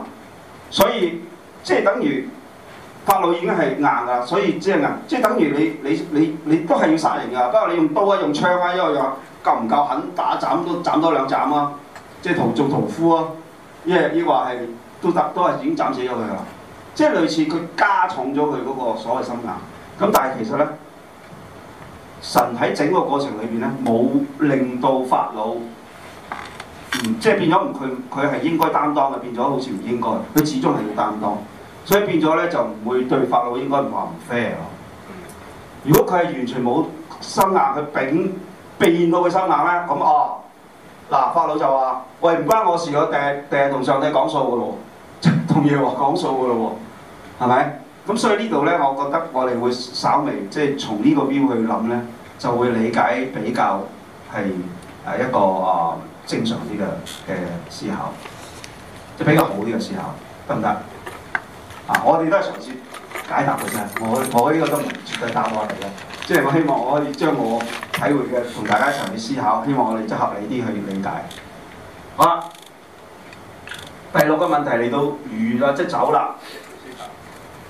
所以即係等於法老已經係硬噶啦。所以即係硬，即係等於你你你你都係要殺人噶，不過你用刀啊用槍啊，因為又夠唔夠狠打斬都斬多兩斬啊，即係做做屠夫啊。亦亦話係都突都係已經斬死咗佢啦，即係類似佢加重咗佢嗰個所謂心硬。咁但係其實呢，神喺整個過程裏邊呢，冇令到法老，即係變咗唔佢佢係應該擔當嘅，變咗好似唔應該。佢始終係要擔當，所以變咗呢，就唔會對法老應該話唔 fair。如果佢係完全冇心眼，佢頂變到佢心眼咧，咁哦，嗱，啊啊，法老就話：喂，唔關我事，我第日同上帝講數嘅喎，同耶和華講數嘅咯喎，係咪？咁所以呢度咧，我覺得我哋會稍微即係從呢個標去諗咧，就會理解比較係誒一個啊、呃、正常啲嘅嘅思考，即係比較好啲嘅思考，得唔得？啊，我哋都係嘗試解答嘅啫。我我呢個都唔絕對答案嚟嘅，即係我希望我可以將我體會嘅同大家一齊去思考，希望我哋即係合理啲去理解。好啦，第六個問題嚟到魚啦，即係走啦。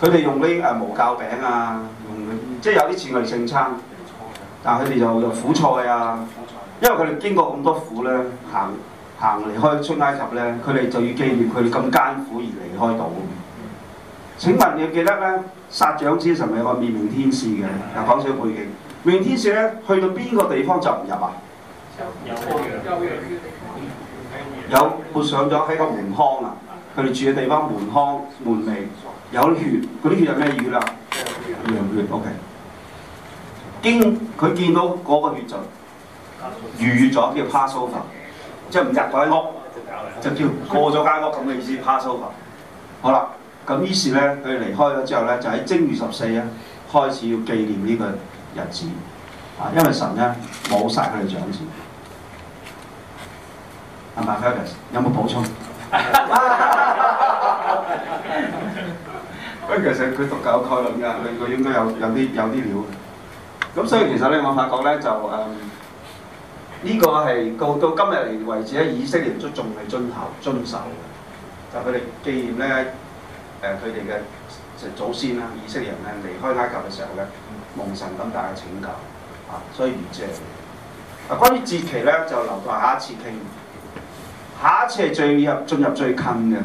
佢哋用呢誒無酵餅啊，嗯、即係有啲似我哋聖餐，但係佢哋就有苦菜啊，因為佢哋經過咁多苦咧，行行離開出埃及咧，佢哋就要記住佢哋咁艱苦而離開到。請問你要記得咧，殺長子神咪個滅命天使嘅，又講少背景，滅命天使咧去到邊個地方就唔入啊？有羔羊，有我上咗喺個門框啊，佢哋住嘅地方門框，門楣。有血，嗰啲血有咩血啦？羊血，OK。見佢、okay. 見到嗰個血就愈咗、啊，叫 passover，即係唔入鬼屋，oh, 就叫過咗間屋咁嘅意思，passover。是是好啦，咁於是咧，佢離開咗之後咧，就喺正月十四啊開始要紀念呢個日子啊，因為神咧冇殺佢哋長子。阿 Matthew 有冇補充？咁其實佢讀夠概論㗎，佢應該有有啲有啲料。咁、嗯、所以其實咧，我發覺咧就誒呢、嗯這個係到到今日嚟為止咧，以色列人都仲係遵守遵守嘅。就佢、是、哋紀念咧誒佢哋嘅祖先啦，以色列人咧離開埃及嘅時候咧，蒙神咁大嘅拯救啊，所以如正。啊，關於節期咧，就留到下一次傾。下一次係進入進入最近嘅。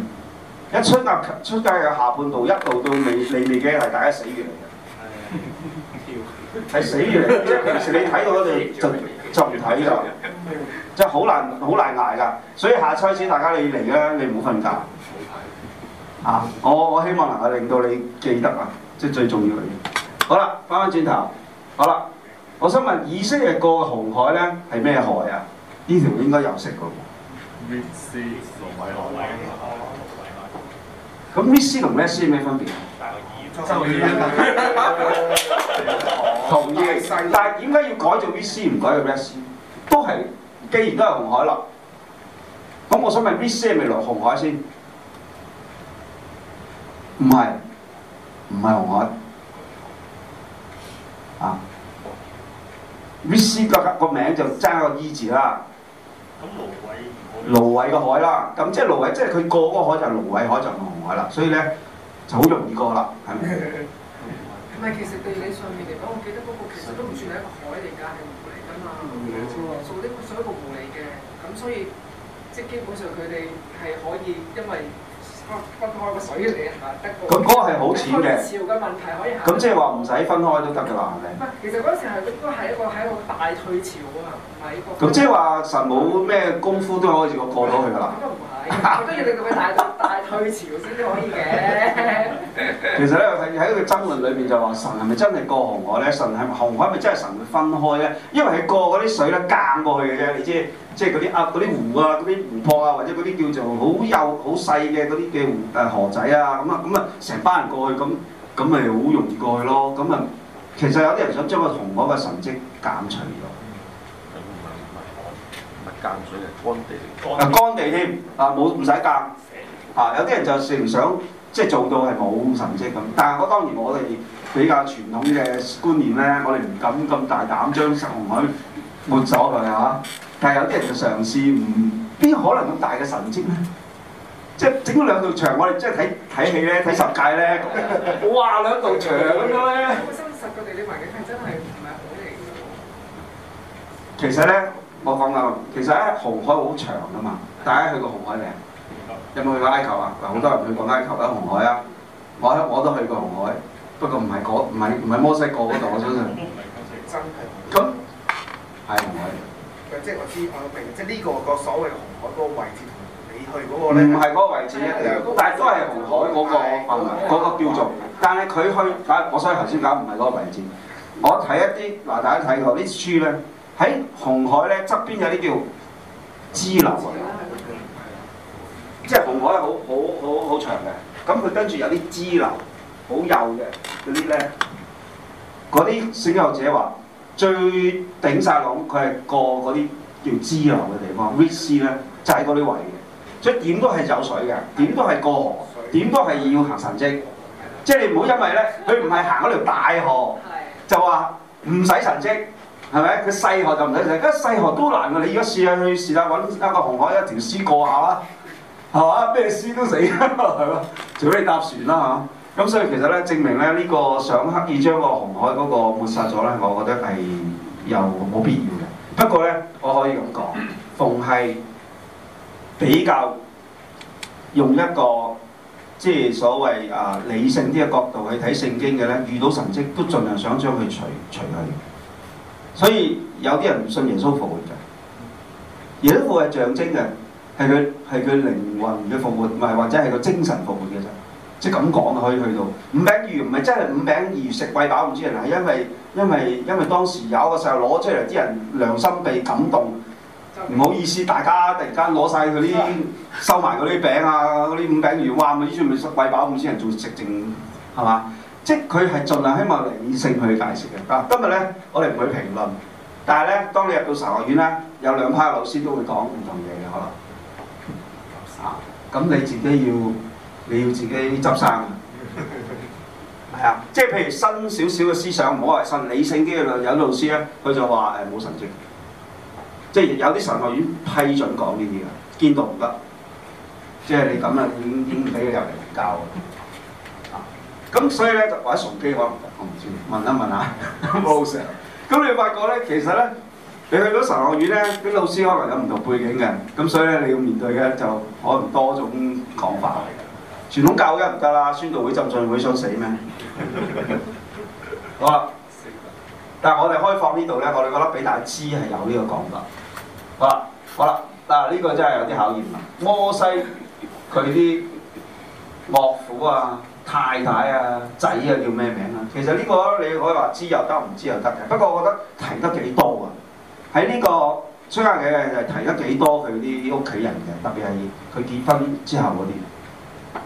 一出牛出街嘅下半道，一路到未，未未未嘅係大家死完嚟嘅，係 [LAUGHS] 死完嚟，即係平時你睇到我哋 [LAUGHS] 就就唔睇啦，即係好難好難捱㗎，所以下次開始大家你嚟啦，你唔好瞓覺， [LAUGHS] 啊，我我希望能夠令到你記得啊，即係最重要嚟嘅。好啦，翻返轉頭，好啦，我想問以色列過嘅紅海咧係咩海啊？呢條應該又識嘅。嗯嗯嗯嗯嗯嗯咁 VC 同 VS 有咩分別？就二，就二啦。同意，但係點解要改做 VC 唔改做 VS？都係，既然都係紅海啦。咁我想問 VC 係咪來紅海先？唔係，唔係紅海。啊，VC 個個名就爭個 E 字啦。咁蘆葦。蘆葦嘅海啦，咁即係蘆葦，即係佢過嗰個海就係蘆葦海就唔係紅海啦，所以咧就好容易過啦，係咪？唔係。其實地理上面嚟講，我記得嗰個其實都唔算係一個海嚟㗎，係湖嚟㗎嘛。冇錯，屬於一個湖嚟嘅，咁所以即係基本上佢哋係可以，因為。哦，我個我個水嚟係咪得個？咁嗰個係好淺嘅。潮嘅問題可以。咁即係話唔使分開都得噶啦，係咪？其實嗰陣時係應該係一個喺度大退潮啊，嘛。個。咁即係話神冇咩功夫都可以我過過到去噶啦。跟住你咁樣大退潮先至可以嘅。其實咧，喺喺個爭論裏邊就話神係咪真係過紅海咧？神係咪紅海係咪真係神會分開咧？因為係過嗰啲水咧，間過去嘅啫。你知即係嗰啲啊，嗰啲湖啊，嗰啲湖泊啊，或者嗰啲叫做好幼好細嘅嗰啲嘅湖誒、啊、河仔啊咁啊咁啊，成班人過去咁，咁咪好容易過去咯。咁啊，其實有啲人想將個紅海嘅神蹟減除咗。乾水嘅乾地，乾地添啊，冇唔使乾啊！有啲人就成唔想即係做到係冇神蹟咁，但係我當然我哋比較傳統嘅觀念咧，我哋唔敢咁大膽將紅海抹走佢嚇。但係有啲人就嘗試，唔邊可能咁大嘅神蹟咧？即係整咗兩道牆，我哋即係睇睇戲咧，睇十誡咧， [LAUGHS] 哇兩道牆咁樣咧，有個真實嘅地理環境係真係唔係好靚。其實咧。我講啊，其實咧紅海好長噶嘛，大家去過紅海未？有冇去過埃及啊？好多人去過埃及啊，紅海啊。我我都去過紅海，不過唔係嗰唔係唔係摩西過嗰度、那個，我相信。真咁係紅海。即係我知我明，即係呢個個所謂紅海嗰個位置同你去嗰個咧，唔係嗰個位置，但係都係紅海嗰、那個嗰是個叫做。但係佢去解，我所以頭先講唔係嗰個位置。 [NOISE] 我睇一啲嗱，大家睇過啲書咧。喺紅海咧側邊有啲叫支流，流，嗯嗯嗯、即係紅海好好好好長嘅，咁佢跟住有啲支流，好幼嘅嗰啲咧，嗰啲小學者話最頂晒。浪，佢係過嗰啲叫支流嘅地方，VC 咧就喺嗰啲位嘅，所以點都係有水嘅，點都係過河，點都係要行神蹟，即係你唔好因為咧佢唔係行嗰條大河，就話唔使神蹟。係咪？佢細河就唔使成，而家細河都難㗎。你而家試下去試下揾一個紅海一條屍過下啦，係嘛？咩屍都死，係嘛？除非你搭船啦嚇。咁所以其實呢，證明呢，呢個想刻意將個紅海嗰個抹殺咗呢，我覺得係又冇必要嘅。不過呢，我可以咁講，逢係比較用一個即係所謂啊理性啲嘅角度去睇聖經嘅呢，遇到神蹟都盡量想將佢除除去。所以有啲人唔信耶穌復活嘅，耶穌復活係象徵嘅，係佢係佢靈魂嘅復活，唔係或者係個精神復活嘅啫。即係咁講可以去到五餅魚唔係真係五餅魚食餵飽五千人，係因為因為因為當時有一個時候攞出嚟，啲人良心被感動，唔好意思，大家突然間攞晒佢啲收埋嗰啲餅啊，嗰啲五餅魚，哇！唔知係咪食餵飽五千人仲食剩係嘛？即佢係盡量希望理性去解釋嘅。嗱，今日咧我哋唔會評論，但係咧當你入到神學院咧，有兩派老師都會講唔同嘢嘅可能。咁、啊、你自己要你要自己執生。係 [LAUGHS] 啊，即係譬如新少少嘅思想，唔好話新理性啲嘅論，有啲老師咧佢就話誒冇神蹟，即係有啲神學院批准講呢啲嘅，見到唔得，即係你咁啊點點唔俾佢入嚟教。咁所以咧就玩者崇基我唔，我唔知，問一下問一下冇咁 [LAUGHS] [LAUGHS] 你發覺呢？其實呢，你去到神學院呢，啲老師可能有唔同背景嘅，咁所以咧你要面對嘅就可能多種講法嚟嘅。 [LAUGHS] 傳統教嘅唔得啦，宣道會、浸信會想死咩？ [LAUGHS] 好啦，但係我哋開放呢度呢，我哋覺得俾大家知係有呢個講法。好啦，好啦，嗱呢個真係有啲考驗啊。摩西佢啲岳父啊～太太啊，仔啊，叫咩名啊？其實呢個你可以話知又得，唔知又得嘅。不過我覺得提得幾多啊？喺呢個出翻嘅就提得幾多佢啲屋企人嘅，特別係佢結婚之後嗰啲，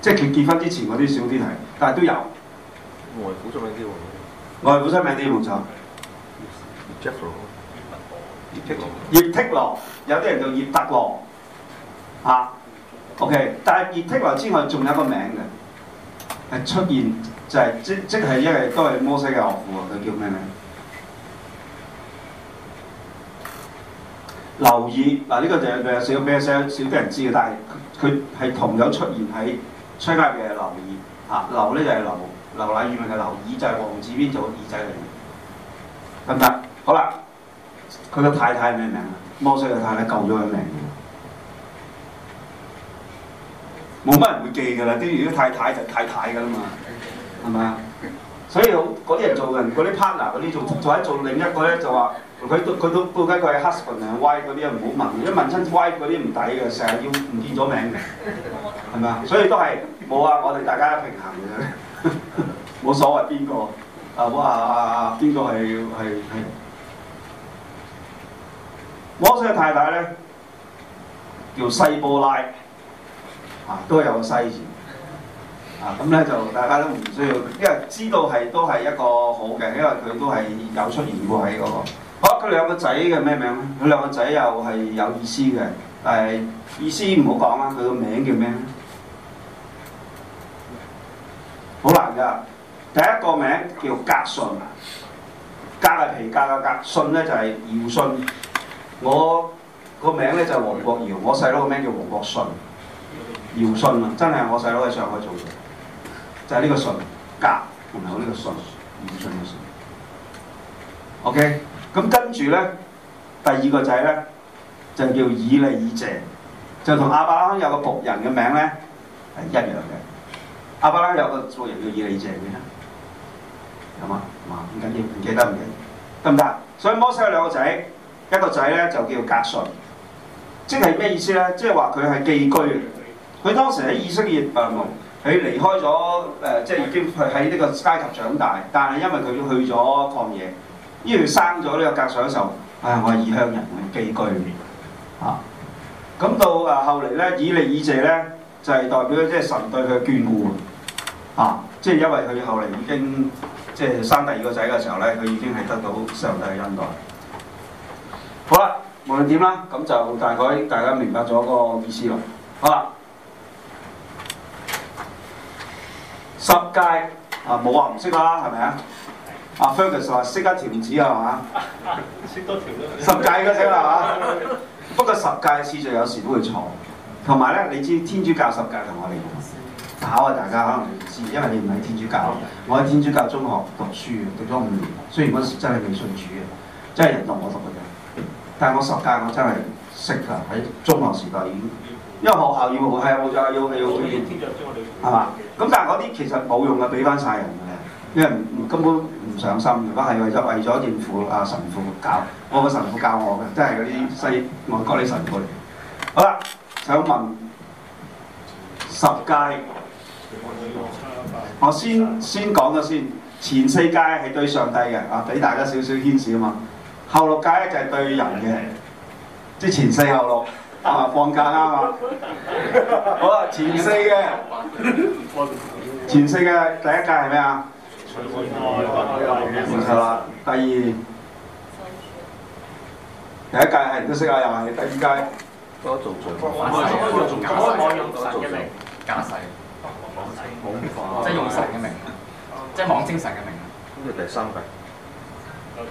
即係佢結婚之前嗰啲少啲係，但係都有。外父出名啲喎，外父出名啲冇錯。葉剔羅，葉剔羅，有啲人叫葉德羅，啊。OK，但係葉忒羅之外，仲有一個名嘅係出現，就係、是、即即係因為都係摩西嘅岳父啊，佢叫咩名？流珥嗱，呢個就係佢有少少咩聲，少啲人知嘅，但係佢係同樣出現喺《出埃及記》嘅流珥啊。流咧就係流，流乃語文嘅流珥，就係、是就是、王字邊做耳仔嚟嘅，得唔得？好啦，佢嘅太太係咩名啊？摩西嘅太，太太救咗佢命冇乜人會記㗎啦，啲如果太太就太太㗎啦嘛，係咪？所以好嗰啲人做嘅，嗰啲 partner 嗰啲做，再做另一個咧就話佢都，佢都估計佢係 husband 定係 wife 嗰啲啊，唔好問，一問親 wife 嗰啲唔抵㗎，成日要唔見咗名嘅，係咪？所以都係冇啊，我哋大家平衡嘅，冇所謂邊個啊？冇話邊個係係係摩西嘅太太咧，叫西波拉。啊，都有個西字啊，咁咧就大家都唔需要，因為知道係都係一個好嘅，因為佢都係有出現過喺嗰個。好、啊，佢兩個仔嘅咩名咧？佢兩個仔又係有意思嘅，但係意思唔好講啦。佢個名叫咩？好難噶，第一個名叫革舜，革嘅皮，革嘅革，舜呢就係堯舜。我個名呢就係黃國堯，我細佬個名叫黃國舜。堯舜啊！真係我細佬喺上海做嘅，就係、是、呢個舜甲，同埋我呢個舜，堯舜嘅舜。OK，咁跟住咧，第二個仔咧就叫以利以謝，就同亞伯拉罕有個僕人嘅名咧係一樣嘅。亞伯拉罕有個僕人叫以利以謝嘅啦，有冇？唔緊要，唔記得唔記得。得唔得？所以摩西有兩個仔，一個仔咧就叫，叫革舜，即係咩意思咧？即係話佢係寄居。佢當時喺以色列，啊、呃，佢離開咗誒、呃，即係已經佢喺呢個階級長大，但係因為佢去咗曠野，因為佢生咗呢個革舜嘅仇。唉，我係異鄉人嘅寄居啊。咁到啊、呃、後嚟呢，以利以謝呢，就係、是、代表即係神對佢嘅眷顧啊。即係因為佢後嚟已經即係生第二個仔嘅時候呢，佢已經係得到上帝嘅恩待。好啦，無論點啦，咁就大概大家明白咗個意思啦。好啦。十誡啊冇話唔識啦，係咪啊？阿 Fergus 話識得調子係嘛？啊、識多調多。十誡嗰隻係嘛？不過十誡事實有時都會錯。同埋咧，你知天主教十誡同我哋考啊？大家可能唔知，因為你唔喺天主教。我喺天主教中學讀書嘅，讀咗五年。雖然嗰時真係未信主嘅，真係人讀我讀嘅啫。但係我十誡我真係識㗎，喺中學時代已經。因為學校要，係我就要要，係嘛？咁但係嗰啲其實冇用嘅，俾翻晒人嘅，因為根本唔上心。如果係為咗為咗應付啊神父教，我個神父教我嘅，即係嗰啲西外國啲神父。好啦，想問十誡，我、哦、先先講咗先，前四誡係對上帝嘅啊，俾大家少少牽涉啊嘛。後六誡就係對人嘅，即係前四後六。啊！放假啱嘛？好啊！前四嘅，前四嘅第一屆係咩啊？冇錯啦！第二，第一屆係都識啊，又係第二屆。我做做，我應該要做假勢，假勢。冇咁快，即係用神嘅名，即係網精神嘅名。跟住第三屆，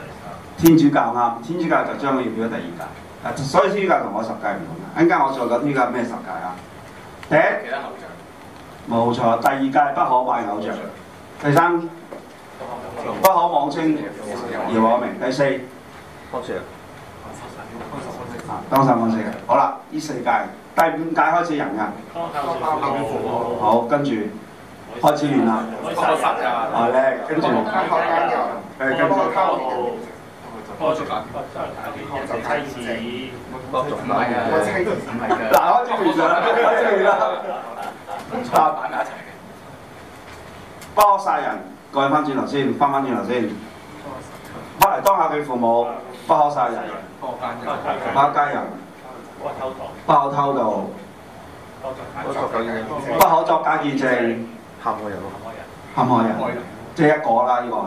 天主教啱，天主教就將佢要變咗第二屆。所以呢個同我十戒唔同嘅，陣間我做緊，呢個咩十戒啊？第一，其他偶像。冇錯，第二戒不可拜偶像。第三，不可妄稱耶和華名；第四，當守。當守安息日嘅好啦，呢四戒，第五戒開始人嘅。好，跟住開始練啦。阿叻跟住。多種啊！就妻子，多種啊！妻子唔係噶，嗱，我知完啦，我知完啦，揸板埋一齊，包殺人，改翻轉頭先，翻翻轉頭先，翻嚟當下佢父母，包殺人，包家人，包偷盜，包偷盜，包作假見證，陷害人，陷害人，陷害人，即係一個啦，呢個，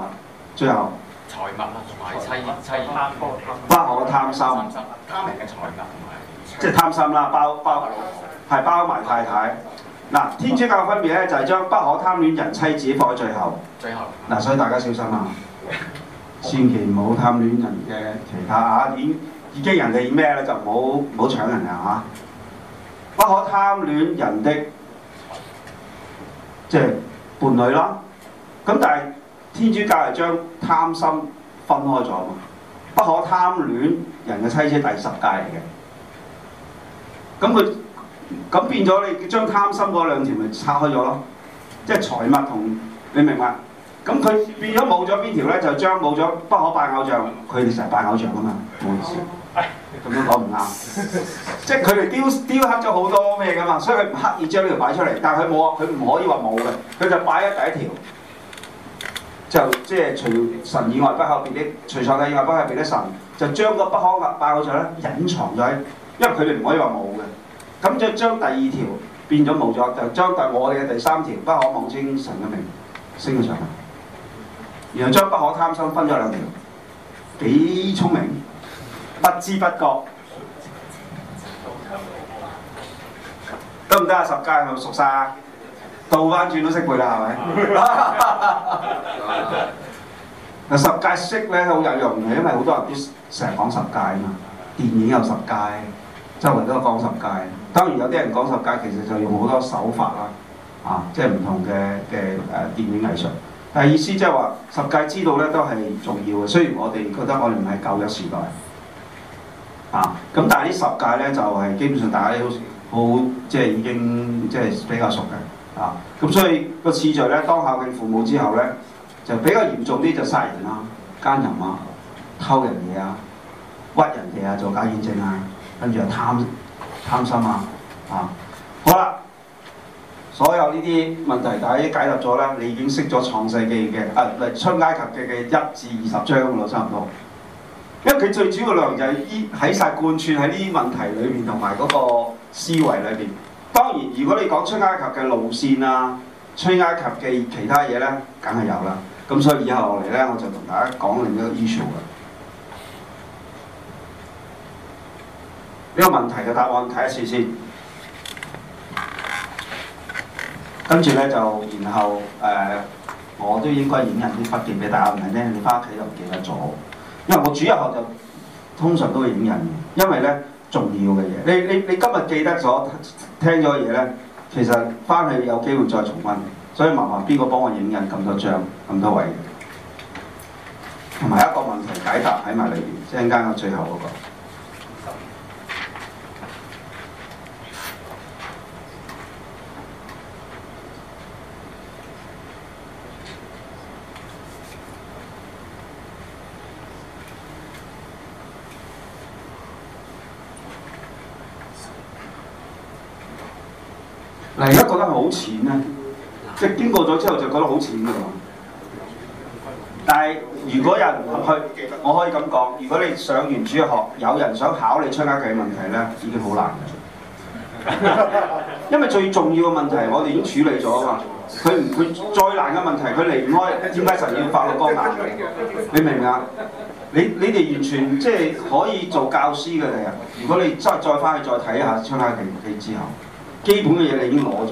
最後。財物啊，同埋妻妾不可貪心，他人嘅財物即係貪心啦貪貪，包包埋係包埋太太。嗱，天主教分別咧，就係將不可貪戀人妻子放喺最後。最後嗱，所以大家小心啊，千祈唔好貪戀人嘅其他啊，已經已經人哋咩咧，就唔好唔好搶人哋嚇、啊。不可貪戀人的即係、就是、伴侶啦。咁但係。天主教係將貪心分開咗嘛，不可貪戀人嘅妻子第十戒嚟嘅。咁佢咁變咗，你將貪心嗰兩條咪拆開咗咯？即係財物同你明白？咁佢變咗冇咗邊條咧？就將冇咗不可拜偶像，佢哋成日拜偶像啊嘛！唔好意思，咁樣講唔啱。 [LAUGHS] 即係佢哋雕雕刻咗好多咩噶嘛？所以佢唔刻意將呢條擺出嚟，但係佢冇啊，佢唔可以話冇嘅，佢就擺咗第一條。就即係除神以外不可別的，除錯嘅以外不可別的神，就將個不可嘅擺喺度咧，隱藏咗喺，因為佢哋唔可以話冇嘅。咁就將第二條變咗冇咗，就將但係我哋嘅第三條不可妄稱神嘅名升咗上去，然後將不可貪心分咗兩條，幾聰明，不知不覺。得唔得啊？十戒係咪熟晒啊？倒翻轉都識背啦，係咪？嗱， [LAUGHS] 十誡識咧，好有用嘅，因為好多人都成日講十誡啊嘛。電影有十誡，周圍都講十誡。當然有啲人講十誡，其實就用好多手法啦，啊，即係唔同嘅嘅誒電影藝術。但係意思即係話十誡知道咧都係重要嘅。雖然我哋覺得我哋唔係舊約時代啊，咁但係呢十誡咧就係、是、基本上大家都好，好即係已經即係比較熟嘅。啊！咁所以個次序咧，當孝敬父母之後咧，就比較嚴重啲，就殺人啦、啊、奸淫啊、偷人嘢啊、屈人哋啊、做假見證啊，跟住就貪貪心啊，啊！好啦，所有呢啲問題大家解答咗咧，你已經識咗創世記嘅啊，出埃及嘅嘅一至二十章咯，差唔多。因為佢最主要內容就係依喺晒貫穿喺呢啲問題裏面同埋嗰個思維裏面。當然，如果你講出埃及嘅路線啊，出埃及嘅其他嘢呢，梗係有啦。咁所以以後落嚟呢，我就同大家講另一個 issue 啦。呢個問題嘅答案睇一次先。跟住呢，就，然後誒、呃，我都應該影人啲筆記俾大家，唔係你翻屋企就唔記得咗。因為我主日學就通常都會影人嘅，因為呢。重要嘅嘢，你你你今日記得咗聽咗嘢咧，其實翻去有機會再重溫，所以麻煩邊個幫我影印咁多張咁多位，同埋一個問題解答喺埋裏邊，一陣間我最後嗰個。而家覺得好淺咧，即係經過咗之後就覺得好淺嘅嘛。但係如果有人去，我可以咁講，如果你上完主學，有人想考你創世記嘅問題咧，已經好難。 [LAUGHS] 因為最重要嘅問題，我哋已經處理咗啊嘛。佢唔會再難嘅問題，佢離唔開點解實現法律光架？你明唔明啊？你你哋完全即係可以做教師嘅你啊！如果你真係再翻去再睇一下創世記，你之後。基本嘅嘢你已經攞咗，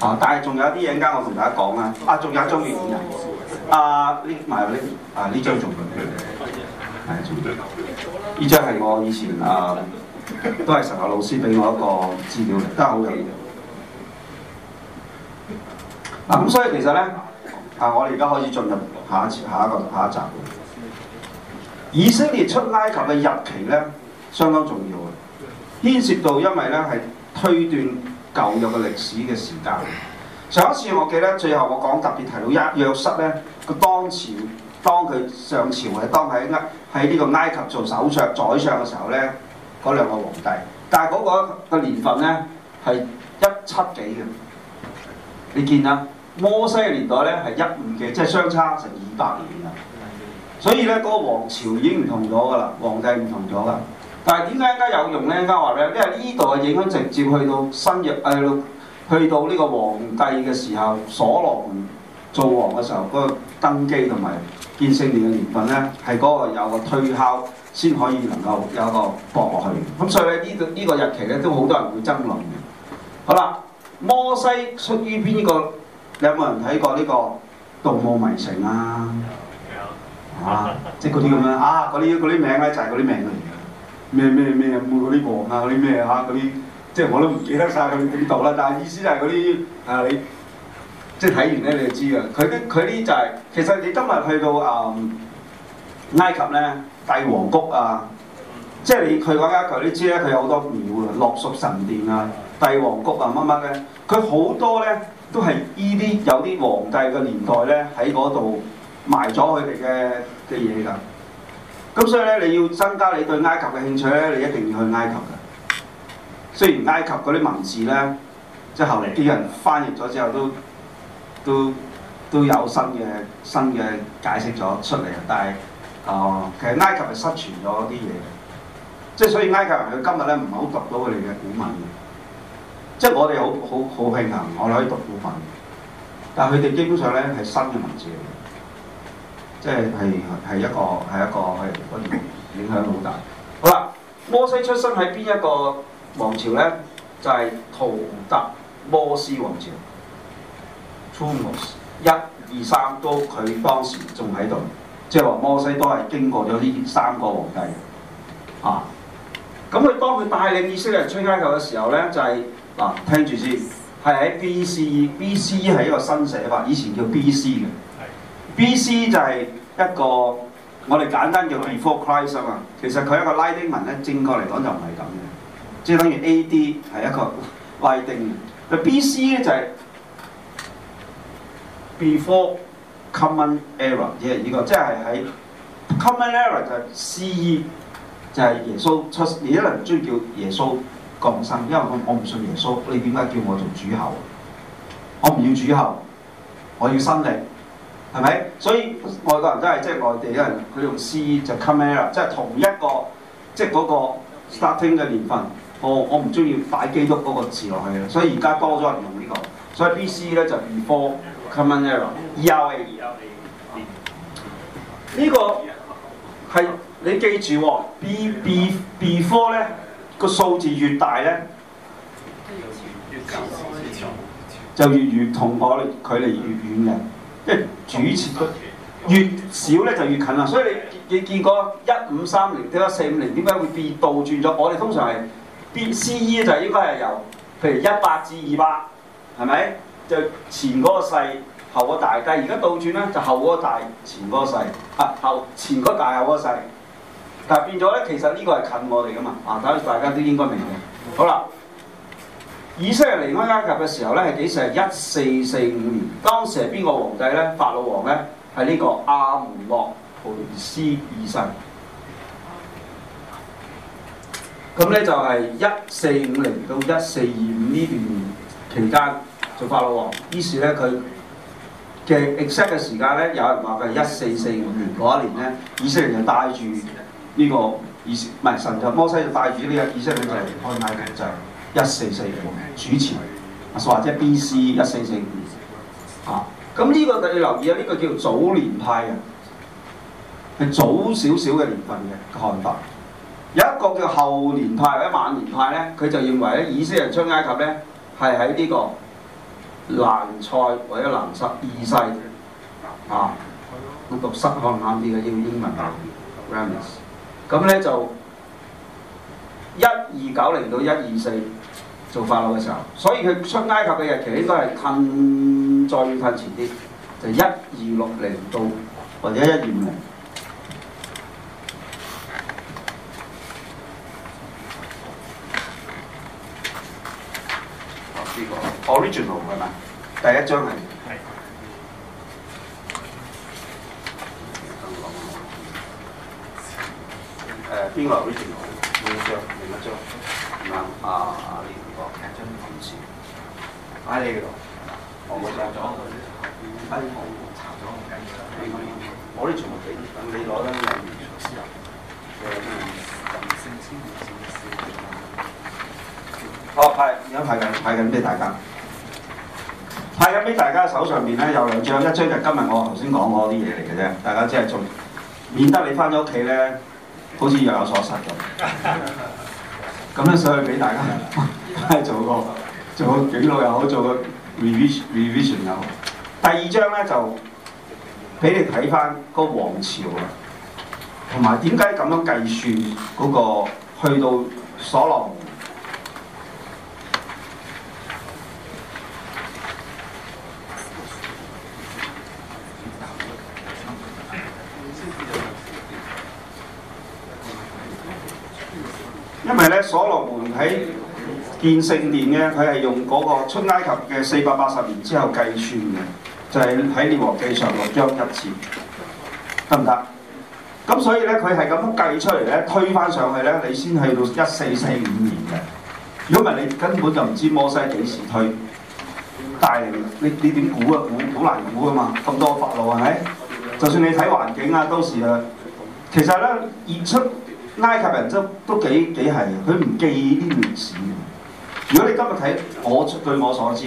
啊！但係仲有啲嘢，陣間我同大家講啊，啊，仲有張照片啊，啊，拎埋入啊，呢張仲對，呢、啊、張係我以前啊，都係神學老師俾我一個資料嚟，都係好有用。咁，所以其實咧，啊，我哋而家可以進入下一次、下一個、下一，下一集。以色列出埃及嘅日期咧，相當重要嘅，牽涉到因為咧係。推斷舊有嘅歷史嘅時間。上一次我記得最後我講特別提到一約瑟呢，呢佢當朝當佢上朝嘅，當喺喺呢個埃及做首相宰相嘅時候呢，嗰兩個皇帝，但係嗰個年份呢係一七幾嘅。你見啊，摩西嘅年代呢係一五幾嘅，即係相差成二百年啊。所以呢，嗰、嗰個王朝已經唔同咗噶啦，皇帝唔同咗啦。但係點解而家有用咧？而家話咧，因為呢度嘅影響直接去到新約誒、啊，去到呢個皇帝嘅時候，所羅門做王嘅時候嗰、那個登基同埋建聖年嘅年份咧，係嗰個有個推敲先可以能夠有個駁落去。咁所以呢呢、這個呢、這個日期咧，都好多人會爭論嘅。好啦，摩西出於邊呢個？你有冇人睇過呢個《盜墓迷城》啊？ [LAUGHS] 啊，即係嗰啲咁樣啊，嗰啲啲名咧就係嗰啲名嚟。咩咩咩啊！嗰啲王啊，嗰啲咩嚇，嗰啲即係我都唔記得晒佢點讀啦。但係意思就係嗰啲啊，你即係睇完咧你就知嘅。佢啲佢啲就係、是、其實你今日去到啊、嗯、埃及咧，帝王谷啊，即係你去過埃及你知咧，佢有好多廟啊、洛索神殿啊、帝王谷啊乜乜嘅。佢好多咧都係依啲有啲皇帝嘅年代咧，喺嗰度埋咗佢哋嘅嘅嘢㗎。咁所以咧，你要增加你對埃及嘅興趣咧，你一定要去埃及嘅。雖然埃及嗰啲文字咧，即係後嚟啲人翻譯咗之後，都都都有新嘅新嘅解釋咗出嚟啊！但係，哦、呃，其實埃及係失傳咗啲嘢，即係所以埃及人佢今日咧唔係好讀到佢哋嘅古文嘅。即係我哋好好好慶幸，我哋可以讀古文，但係佢哋基本上咧係新嘅文字嚟嘅。即係係一個係一個係，不影響好大。好啦，摩西出生喺邊一個王朝咧？就係圖特摩斯王朝。Thutmose，一二三都佢當時仲喺度，即係話摩西都係經過咗呢三個皇帝。啊，咁佢當佢帶領以色列出埃及嘅時候咧，就係、是、嗱、啊、聽住先，係喺 BCE，BCE 係一個新寫法，以前叫 BC 嘅。B C 就係一個我哋簡單叫 Before Christ 其實佢一個拉丁文呢，正確嚟講就唔係咁嘅，即係等於 A D 係一個拉丁，嗱 B C 咧就係 before common era 即係呢個，即係喺 common era 就係 C E，就係耶穌出，有人唔鍾意叫耶穌降生，因為我我唔信耶穌，你點解叫我做主後？我唔要主後，我要新力。係咪？所以外國人都係即係外地人，佢用 CE 就 Common Era 即係同一個即係嗰個 starting 嘅年份。哦、我我唔中意擺基督嗰個字落去嘅，所以而家多咗人用呢、這個。所以 BC 咧就 Before Common Era。ERA 呢個係你記住喎，B.B.B Before 咧個數字越大咧就越越，越，越同我距離越遠嘅。即係主次越少咧就越近啦，所以你你見過一五三零對一四五零點解會變倒轉咗？我哋通常係 BCE 就應該係由譬如一百至二百，係咪就前嗰個細後個大？但係而家倒轉咧就後嗰個大前嗰個細啊，後前嗰個大後嗰個細，但係變咗咧，其實呢個係近我哋噶嘛啊，睇嚟大家都應該明嘅。好啦。以色列離開埃及嘅時候咧，係幾時？係一四四五年。當時係邊個皇帝咧？法老王咧，係呢個阿門諾培斯二世。咁咧就係一四五零到一四二五呢段期間做法老王。於是咧，佢嘅 exact 嘅時間咧，有人話佢係一四四五年嗰一年咧，以色列就帶住呢個，唔係神就摩西就帶住呢、這個以色列就。嗯一四四五主持，啊，或者 B C 一四四五，啊，咁呢、這個特別要留意啊，呢、這個叫早年派嘅，係早少少嘅年份嘅看法。有一個叫後年派或者晚年派呢，佢就認為咧，以色列人出埃及呢，係喺呢個蘭塞或者蘭塞二世，啊，我讀失漢字嘅呢個英文啊，Ramis，咁咧就一二九零到一二四，做法老嘅時候，所以佢出埃及嘅日期應該係近，再近前啲，就一二六零到或者 1, 2, 5,、oh, original, right? 一二、五、零。哦，呢個 original 係嘛？第一張係，係。誒，邊個 original？另一張，另一張，南喺你度，我冇錯。喺我查咗我啲全部俾你攞啦。哦、嗯，派而家派緊，派緊俾大家。派緊俾大家手上邊咧，有兩張，一張就今日我頭先講嗰啲嘢嚟嘅啫，大家只係做，免得你翻咗屋企咧，好似若有所失咁。咁 [LAUGHS] [LAUGHS] 樣上去俾大家，係 [LAUGHS] 做個。個紀錄又好做個，個 revision revision 又好。第二章咧就俾你睇翻個王朝啊，同埋點解咁樣計算嗰、那個去到所羅門。建聖殿嘅佢係用嗰個出埃及嘅四百八十年之後計算嘅，就係、是、喺《列王紀》上落章一次，得唔得？咁所以咧，佢係咁樣計出嚟咧，推返上去咧，你先去到一四四五年嘅。如果唔係，你根本就唔知摩西幾時推。但係你呢點估啊？估好難估啊嘛！咁多法老係咪？就算你睇環境啊，到時啊，其實咧，現出埃及人真都幾幾係，佢唔記呢段歷史。如果你今日睇我，據我所知，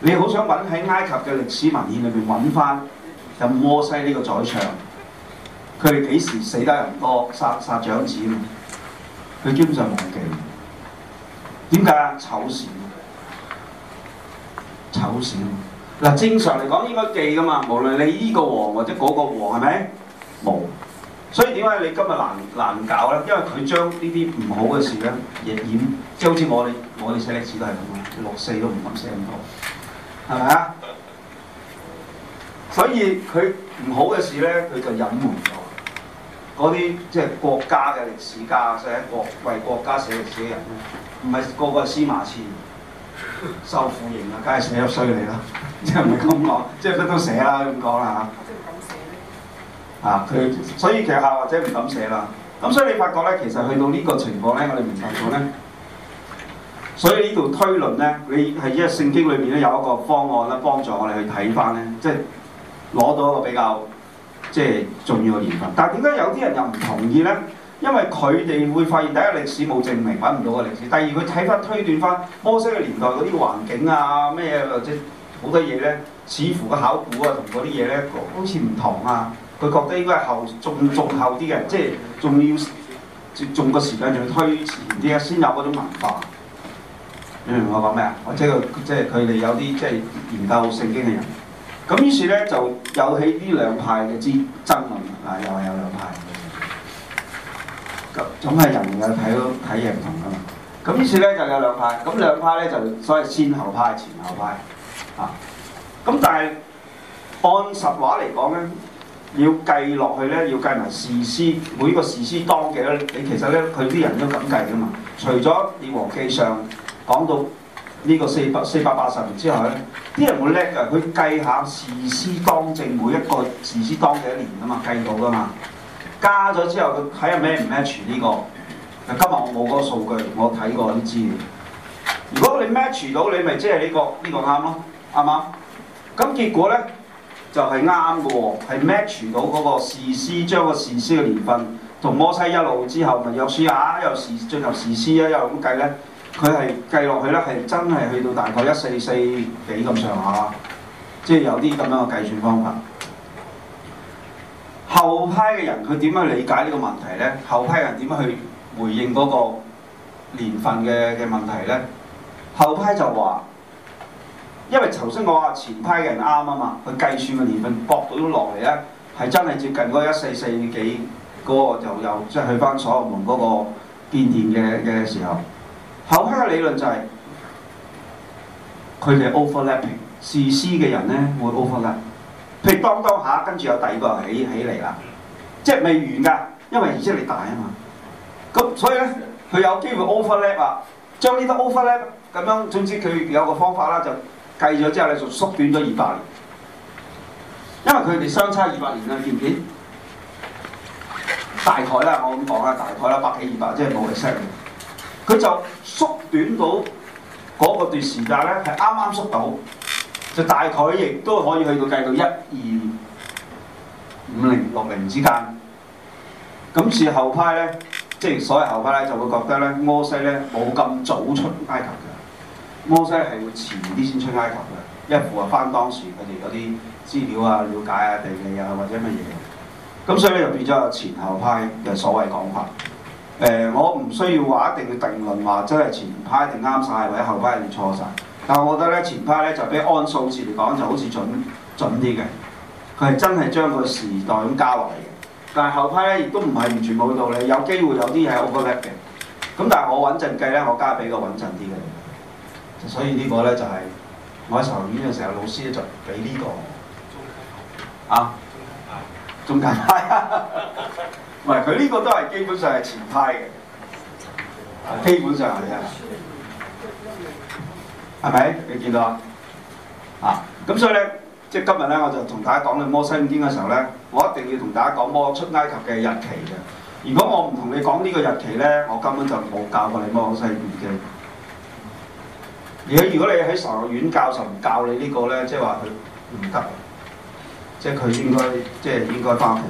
你好想揾喺埃及嘅歷史文獻裏邊揾返就摩西呢個宰相，佢哋幾時死得人多，殺殺長子嘛？佢基本上忘記，點解啊？醜事，醜事。嗱，正常嚟講應該記㗎嘛，無論你呢個王或者嗰個王係咪冇？所以點解你今日難難搞咧？因為佢將呢啲唔好嘅事咧亦掩，即係好似我哋我哋寫歷史都係咁啊。六四都唔敢寫咁多，係咪啊？所以佢唔好嘅事咧，佢就隱瞞咗嗰啲即係國家嘅歷史家寫國為國家寫歷史嘅人，唔係個個,個司馬遷，受腐刑，啊，梗係寫咗衰你啦，即係唔係咁講，即係都寫啦咁講啦嚇。啊！佢所以其實或者唔敢寫啦。咁所以你發覺咧，其實去到呢個情況咧，我哋明白咗咧。所以呢度推論咧，你係因為聖經裏面咧有一個方案咧幫助我哋去睇翻咧，即係攞到一個比較即係重要嘅年份。但係點解有啲人又唔同意咧？因為佢哋會發現第一，歷史冇證明，揾唔到個歷史；第二，佢睇翻推斷翻摩西嘅年代嗰啲環境啊咩嘢或者好多嘢咧，似乎個考古啊同嗰啲嘢咧好似唔同啊。佢覺得應該係後種種後啲嘅，即係仲要種個時間仲要推前啲啊，先有嗰種文化。你明唔明我講咩啊？即係即係佢哋有啲即係研究聖經嘅人。咁於是咧就有起呢兩派嘅之爭論啊，又係有兩派。咁總係人有睇睇嘢唔同噶嘛。咁於是咧就有兩派。咁兩派咧就所謂先後派、前後派啊。咁但係按實話嚟講咧。要計落去咧，要計埋士師。每個士師當幾多？你其實咧，佢啲人都咁計噶嘛。除咗你王記上講到呢個四百四百八十年之後咧，啲人好叻噶，佢計下士師當政每一個士師當幾多年啊嘛，計到噶嘛。加咗之後，佢睇下 match 唔 match 呢個？今日我冇嗰個數據，我睇過啲資料。如果你 match 到，你咪即係呢個呢、呢個啱咯，係嘛？咁結果咧？就係啱嘅喎，係 match 到嗰個士師將個士師嘅年份同摩西一路之後，咪約書亞又實進入士師咧，又咁、啊、計呢。佢係計落去呢，係真係去到大概一四四幾咁上下，即、就、係、是、有啲咁樣嘅計算方法。後派嘅人佢點樣去理解呢個問題呢？後派人點樣去回應嗰個年份嘅嘅問題呢？後派就話。因為頭先我話前派嘅人啱啊嘛，佢計算嘅年份駁到咗落嚟咧，係真係接近嗰一四四幾嗰個，嗰個就又即係去返所羅門嗰個建殿嘅嘅時候。後派嘅理論就係、是、佢哋 overlapping，士師嘅人咧會 overlap，譬如當當下跟住有第二個又起起嚟啦，即係未完㗎，因為餘勢力大啊嘛。咁所以咧佢有機會 overlap 啊，將呢啲 overlap 咁樣，總之佢有個方法啦就。計咗之後，你就縮短咗二百年，因為佢哋相差二百年啊，見唔見？大概啦，我咁講啦，大概啦，百幾二百，即係冇嘅聲。佢就縮短到嗰個段時間咧，係啱啱縮到，就大概亦都可以去到計到一二五零六零之間。咁次後派咧，即係所謂後派咧就會覺得咧，摩西咧冇咁早出埃及。摩西係要遲啲先出埃及嘅，因為符合翻當時佢哋嗰啲資料啊、了解啊、地理啊或者乜嘢。咁所以咧就變咗有前後派嘅所謂講法。誒、呃，我唔需要話一定要定論話真係前派一定啱晒，或者後派一定錯晒。但我覺得咧前派咧就比按數字嚟講就好似準準啲嘅。佢係真係將個時代咁加落嚟嘅。但係後派咧亦都唔係完全冇道理，有機會有啲嘢 overlap 嘅。咁但係我穩陣計咧，我加俾個穩陣啲嘅。所以呢個呢，就係、是、我喺神學院嘅時候，老師咧就俾呢、這個文啊，中間派文，唔係佢呢個都係基本上係前派嘅，基本上係啊，係咪你見到啊？咁所以呢，即係今日呢，我就同大家講嘅摩西五經嘅時候呢，我一定要同大家講摩出埃及嘅日期嘅。如果我唔同你講呢個日期呢，我根本就冇教過你摩西五經。如果如果你喺神學院教授唔教你呢個咧，即係話佢唔得，即係佢應該即係應該返屋企。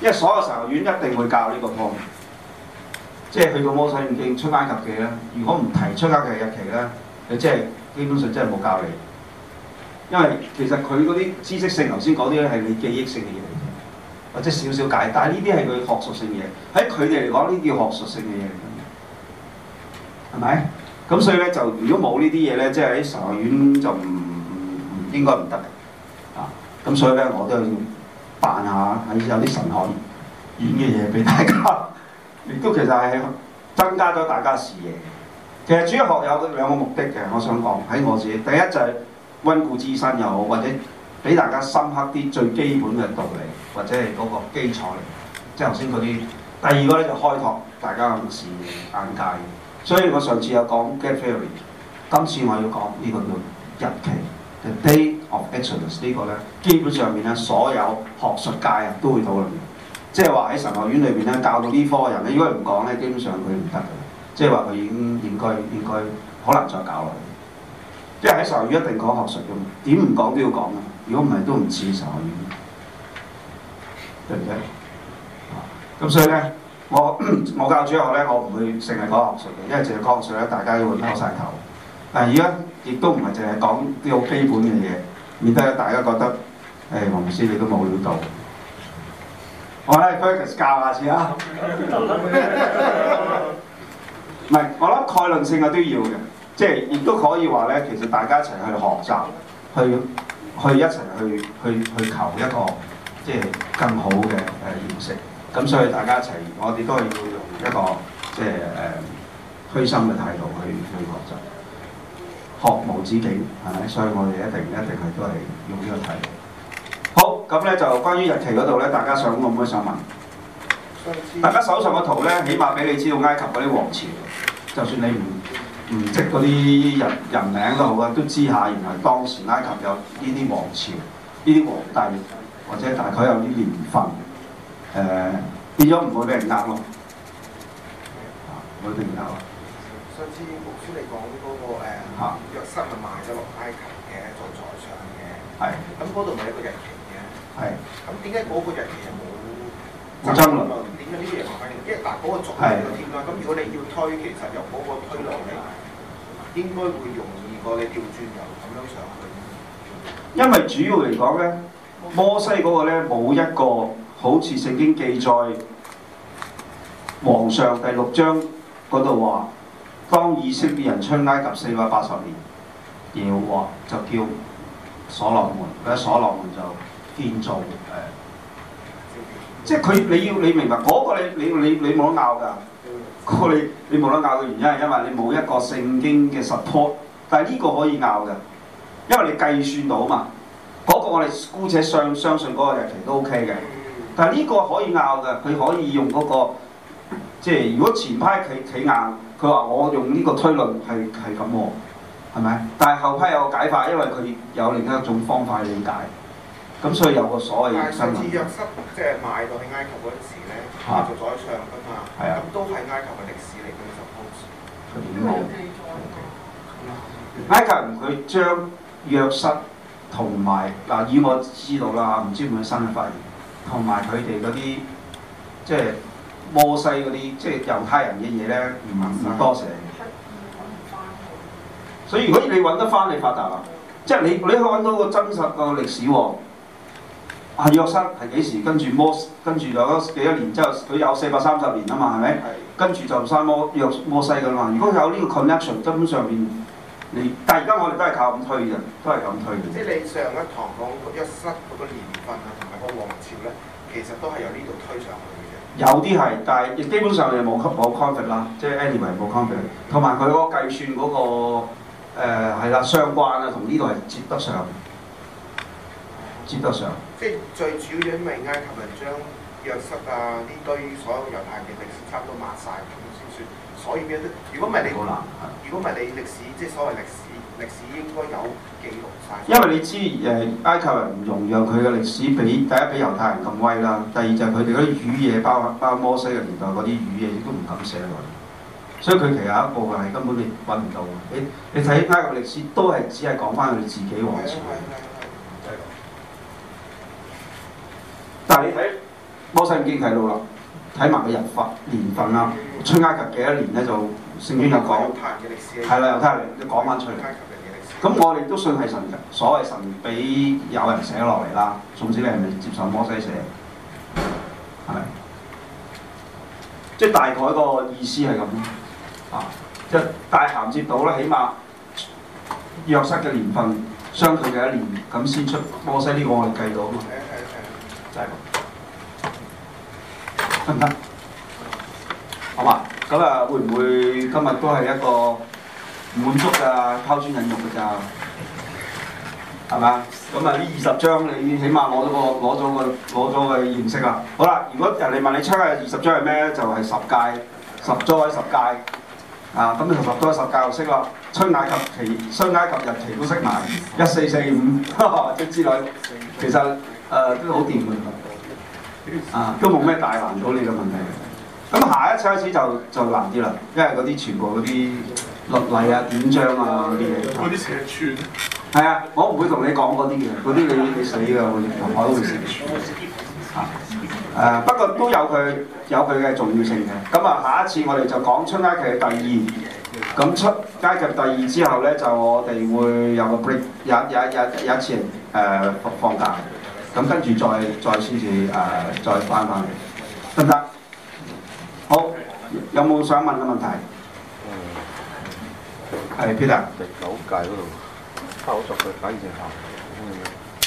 因為所有神學院一定會教呢個科目，即係去到摩西五經出埃及記咧，如果唔提出埃及記日期咧，你即係基本上真係冇教你，因為其實佢嗰啲知識性，頭先講啲係你記憶性嘅嘢，嚟嘅，或者少少解，但係呢啲係佢學術性嘅嘢，喺佢哋嚟講呢啲叫學術性嘅嘢嚟㗎，係咪？咁所以咧就如果冇呢啲嘢咧，即係喺神學院就唔唔應該唔得嘅啊！咁所以咧我都要扮下喺有啲神學院嘅嘢俾大家，亦都其實係增加咗大家視野。其實主日學有兩個目的嘅，我想講喺我自己，第一就係溫故知新又好，或者俾大家深刻啲最基本嘅道理，或者係嗰個基礎，即係頭先嗰啲。第二個咧就開拓大家嘅視野眼界。所以我上次有講 g a y theory，今次我要講呢個叫日期 the day of Exodus 呢個呢，基本上面呢，所有學術界啊都會討論，即係話喺神學院裏邊呢，教到呢科嘅人呢，如果唔講呢，基本上佢唔得嘅，即係話佢應該應該應該好難再搞落去。即係喺神學院一定講學術嘅嘛，點唔講都要講啊！如果唔係都唔似神學院，對唔對？咁所以呢。我我教主學咧，我唔會淨係講學術嘅，因為淨係講學術咧，大家都會擼晒頭。但係而家亦都唔係淨係講啲好基本嘅嘢，免得大家覺得誒黃師，你都冇料到。我咧 Parker 教下先啊！唔係，我諗概論性嘅都要嘅，即係亦都可以話咧，其實大家一齊去學習，去去一齊去去去求一個即係更好嘅誒認識。咁所以大家一齊，我哋都要用一個即係誒虛心嘅態度去去學習，學無止境，係咪？所以我哋一定一定係都係用呢個態度。好，咁咧就關於日期嗰度咧，大家想可唔可以想問。大家手上嘅圖咧，起碼俾你知道埃及嗰啲王朝，就算你唔唔識嗰啲人人名都好啊，都知下原來當時埃及有呢啲王朝、呢啲皇帝或者大概有啲年份。誒跌咗唔會俾人壓咯，唔會俾人壓。上次牧師你講嗰、那個誒嚇、那個啊、約瑟啊賣咗落埃及嘅做財長嘅，係的。咁嗰度咪一個日期嘅，係的。咁點解嗰個日期就冇冇增啦？點解呢啲嘢唔反應？即係嗱嗰個阻力個添啦。咁如果你要推，其實由嗰個推落嚟，應該會容易過你調轉咁樣上去。因為主要嚟講咧，摩、啊、西嗰個咧冇一個。好似聖經記載，王上第六章嗰度話，當以色列人出埃及四百八十年，耶和華就叫所羅門，佢啲所羅門就建造誒、呃，即係佢你要你明白嗰、那個你你你你冇得拗㗎。嗰、那個、你你冇得拗嘅原因係因為你冇一個聖經嘅 support，但係呢個可以拗㗎，因為你計算到啊嘛。嗰、那個我哋姑且相相信嗰個日期都 O K 嘅。但係呢個可以拗嘅，佢可以用嗰、那個，即係如果前批企企硬，佢話我用呢個推論係係咁喎，係咪？但係後批有個解法，因為佢有另一種方法理解，咁所以有個所謂新聞。上次約瑟即係賣到喺埃及嗰時咧，哈，在上㗎嘛，係啊，咁、啊、都係埃及嘅歷史嚟嘅，就冇。埃及唔佢將約瑟同埋嗱，以我知道啦唔知有冇新嘅發現。同埋佢哋嗰啲，即係摩西嗰啲，即係猶太人嘅嘢咧，唔係唔係多嘢嘅。嗯、所以如果你揾得翻，你發達啦。即係你，你可揾到個真實個歷史喎。亞、啊、約瑟係幾時？跟住摩，跟住有幾多年之後，佢有四百三十年啊嘛，係咪？的跟住就生摩約摩西噶啦。如果有呢個 connection，根本上邊。你，但係而家我哋都係靠咁推嘅，都係咁推嘅。即係你上一堂講一室，嗰個年份啊，同埋個王朝咧，其實都係由呢度推上去嘅。有啲係，但係基本上你冇冇 conflict 啦，即係 anyway 冇 conflict。同埋佢嗰個計算嗰、嗰個誒係、呃、啦，相關啊，同呢度係接得上，接得上。即係最主要因為埃及人將約瑟啊呢堆所有猶太人嘅歷史都抹晒。可以如果唔係你，的如果唔係你歷史，即係所謂歷史，歷史應該有記錄晒。因為你知誒，埃及人唔容讓佢嘅歷史比第一比猶太人咁威啦，第二就係佢哋嗰啲語嘢包啊包摩西嘅年代嗰啲語嘢都唔敢寫落嚟，所以佢其下一部分係根本你揾唔到。你你睇埃及歷史都係只係講翻佢自己王朝。但係你睇摩西唔見提到啦。睇埋個日份年份啦，出埃及幾多年咧就聖經有講，係啦，又睇下你講翻出嚟。咁我哋都信係神嘅，所謂神俾有人寫落嚟啦。總之你係咪接受摩西寫？係，即係大概個意思係咁啊！即係大銜接到咧，起碼約瑟嘅年份相對嘅一年咁先出摩西呢個我係計到啊嘛。就係、嗯。嗯嗯嗯嗯嗯嗯得唔得？好嘛？咁啊，會唔會今日都係一個滿足噶拋磚引玉噶咋？係嘛？咁啊，呢二十張你起碼攞咗個攞咗個攞咗個認識啦。好啦，如果人哋問你出嘅二十張係咩，就係、是、十誡十多位十誡啊！咁同十多位十誡又識咯。出埃及記、出埃及日期都識埋一四四五，即之啲其實誒、呃、都好掂。啊，都冇咩大難度呢個問題。咁下一次開始就就難啲啦，因為嗰啲全部嗰啲律例啊、典章啊嗰啲。嗰啲寫串。係啊，我唔會同你講嗰啲嘢，嗰啲你你死嘅，我我都會寫串。不過都有佢有佢嘅重要性嘅。咁啊，下一次我哋就講出埃及記第二。咁出埃及記第二之後咧，就我哋會有個 break，有有有有一，有一，有一，有一、uh, 一次誒、uh, 放假。咁跟住再再先至誒再翻翻嚟得唔得？好，有冇想問嘅問題？係邊啊？Peter? 第九誡嗰度，不作嘅假見證啊！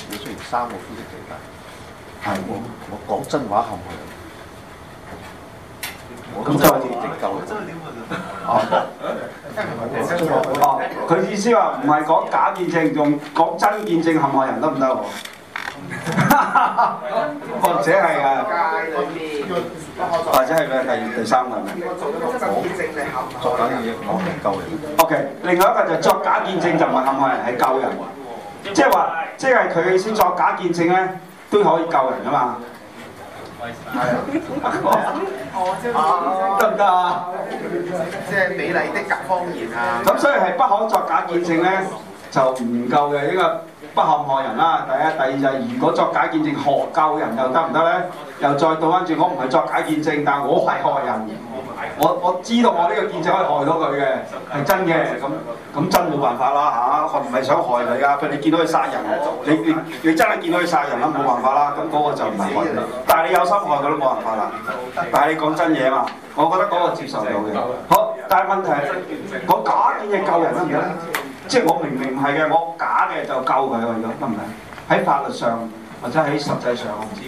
要出現三個見證證據。係我，我講真話陷害人。咁就係直咎。哦，佢、啊哦啊啊、意思話唔係講假見證，用講真見證陷害人得唔得？ [LAUGHS] 或者係是啊，或者係咪第第三、哦 Okay. okay. 個、就是，作假見證係冇人救你。O K，另外一個就是就是、作假見證就唔係陷害人係救人，即係話即係佢先作假見證咧都可以救人啊嘛。係啊，得唔得啊？即係美麗的格方言啊！咁所以係不可作假見證咧，就唔夠嘅呢個。不陷害人啦、啊，第一、第二就係、是、如果作假見證害救人又得唔得呢？又再倒翻轉，我唔係作假見證，但係我係害人。我我知道我呢個見證可以害到佢嘅，係真嘅。咁咁真冇辦法啦吓、啊，我唔係想害你啊，佢你見到佢殺人，你你你真係見到佢殺人啦，冇辦法啦。咁、那、嗰個就唔係害人，但係你有心害佢都冇辦法啦。但係你講真嘢啊嘛，我覺得嗰個接受到嘅。好，但係問題係講假見證救人得唔得咧？即係我明明唔係嘅，我假嘅就救佢喎，得唔得？喺法律上或者喺實際上，我唔知。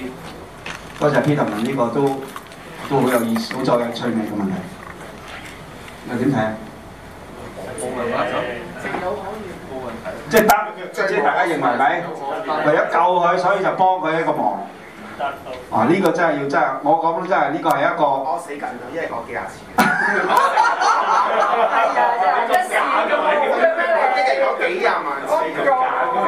多謝 Peter，呢個都都好有意思，好有有趣味嘅問題。又點睇啊？冇問題，只有可以冇問題。即係得，即係大家認為係咪？為咗救佢，所以就幫佢一個忙。啊！呢個真係要真係，我講真係呢個係一個死緊，因為講幾廿次。係啊！幾廿萬，我，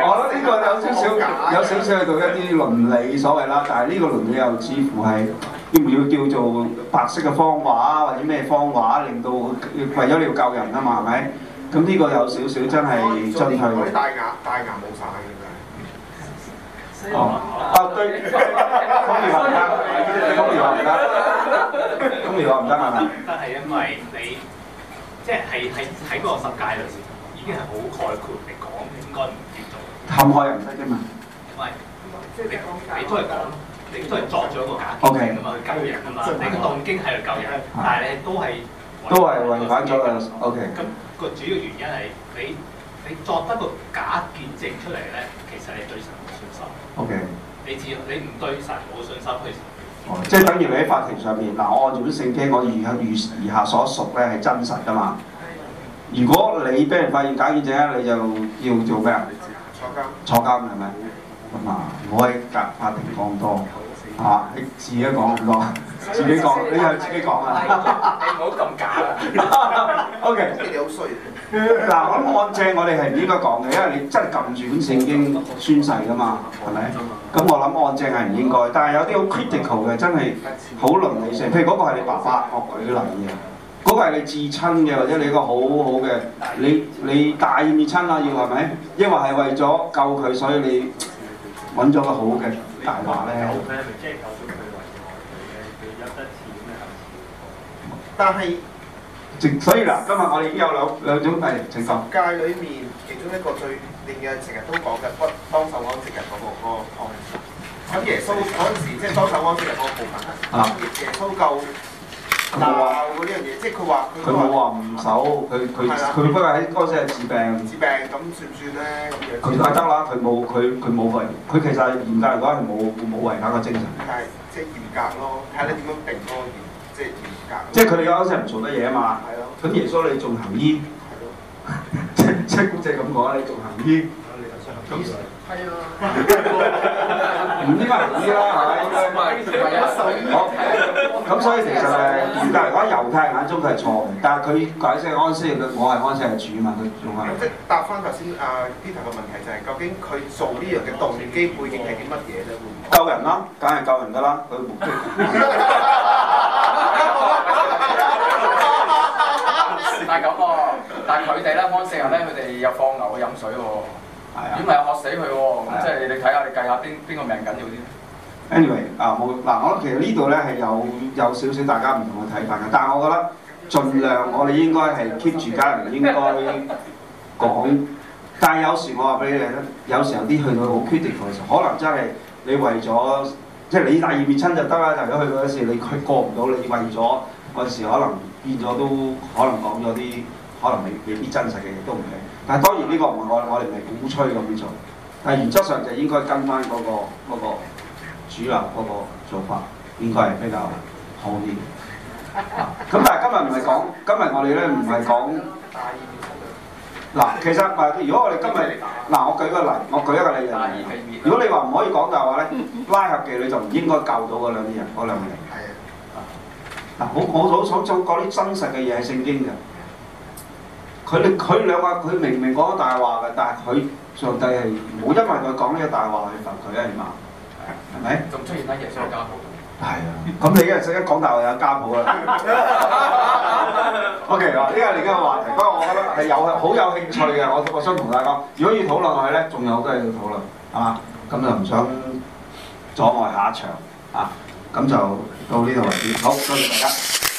我覺得呢個有少少，有少少喺度一啲倫理所謂啦。但係呢個倫理又似乎係要唔要叫做白色嘅謊話或者咩謊話，令到為咗你要救人啊嘛，係咪？咁、這、呢個有少少真係進退。大牙大牙冇曬嘅。哦，啊對，咁唔得，咁唔得，咁唔得，唔得。咁唔得唔得啊！得係因為你即係喺喺喺個世界度先。已經係好概括你講，應該唔見到。陷害人質啫嘛。唔係，即 [NOISE] 係你解都係講，你都係作咗一個假證。O Okay . K. 去救人啊嘛， [NOISE] 你嘅動機喺度救人， [NOISE] 但係你都係都係違反咗嘅。O K. 咁個主要原因係你你作得個假見證出嚟咧，其實你對神冇信心。O Okay . K. 你知你唔對神冇信心去。Okay. 哦，即、就、係、是、等於你喺法庭上面嗱，我按照啲聖經我,聖我愈愈而如以下所述咧，係真實噶嘛。 [MUSIC] 如果你俾人發現假證者，你就要做咩啊？坐監，坐監係咪？咁啊，唔好喺法庭講多嚇，你自己講咁多，自己講， [LAUGHS] 你又自己講啊？你唔好咁假。O K。你好衰。嗱，我諗按證我哋係唔應該講嘅，因為你真係撳住本聖經宣誓噶嘛，係咪？咁我諗按證係唔應該，但係有啲好 critical 嘅，真係好倫理性。譬如嗰個係你爸爸學舉例嘅。嗰個係你至親嘅，或者你個好好嘅，你你，你大義滅親啊，要係咪？因為係為咗救佢，所以你揾咗個好嘅大話咧？救即係救咗佢為愛佢嘅？佢入得錢嘅係先。但係是，所以嗱，今日我哋已經有兩兩種係情況。界裏面其中一個最令嘅，成日都講嘅不當守安息日嗰個嗰個抗議。咁耶穌嗰陣時即係當守安息日嗰個部分，耶穌救。佢冇話嗰啲樣嘢，即係佢話佢冇話唔守，佢佢佢不過喺嗰陣時係治病治病，咁算唔算咧？佢就係得啦，佢冇佢佢冇違，佢其實嚴格嚟講係冇冇違反嘅精神。但係即係嚴格咯，睇你點樣定嗰即係嚴格。即係佢哋嗰陣時唔做得嘢啊嘛，咁耶穌你做行醫，即即咁講你做行醫，咁係啊，唔呢個行醫啦嚇，應係咁、嗯、所以其實誒，但係喺猶太人眼中佢係錯嘅，但係佢解釋安息日，我係安息嘅主嘛，佢用係。即答翻頭先阿 Peter 嘅問題，就係，就係究竟佢做呢樣嘅動機背景係啲乜嘢咧？救人啊，梗係救人得啦，佢、啊。但係咁但係佢哋咧，安息日咧，佢哋有放牛去飲水喎，係啊，點咪渴死佢喎，啊？咁即係你睇下，你計下邊邊個命緊要啲？anyway 啊冇嗱我諗其實呢度咧係有有少少大家唔同嘅睇法嘅，但係我覺得儘量我哋應該係 keep 住家人，應該講。但係有時我話俾你聽咧，有時候啲去到好 critical 嘅時候，可能真係你為咗即係你大義滅親就得啦，但如果去到嗰時你佢過唔到，你,你為咗嗰時可能變咗都可能講咗啲可能未未必真實嘅嘢都唔係。但係當然呢個唔係我我哋咪鼓吹咁做，但係原則上就應該跟翻嗰個嗰個。那個主流嗰個做法應該係比較好啲。咁、 [LAUGHS] 啊、但係今日唔係講，今日我哋咧唔係講。嗱， [LAUGHS] 其實唔係，如果我哋今日嗱、 [LAUGHS] 啊，我舉個例，我舉一個例就係，如果你話唔可以講大話咧， [LAUGHS] 拉合記你就唔應該救到嗰兩個人嗰兩個人。係嗱，好、 [LAUGHS] 啊、我好想講啲真實嘅嘢係聖經嘅。佢哋佢兩個佢明明講咗大話嘅，但係佢上帝係冇因為佢講呢個大話去罰佢啊嘛。係咪？仲、欸、出現啲人想家譜？係啊，咁你一日一講，大係有家譜啊！OK，啊，呢個係另一個話題。不過我覺得係有好有興趣嘅，我我想同大家講，如果要討論落去咧，仲有好多嘢要討論，係嘛？咁就唔想阻礙下一場啊，咁就到呢度為止。好，多謝大家。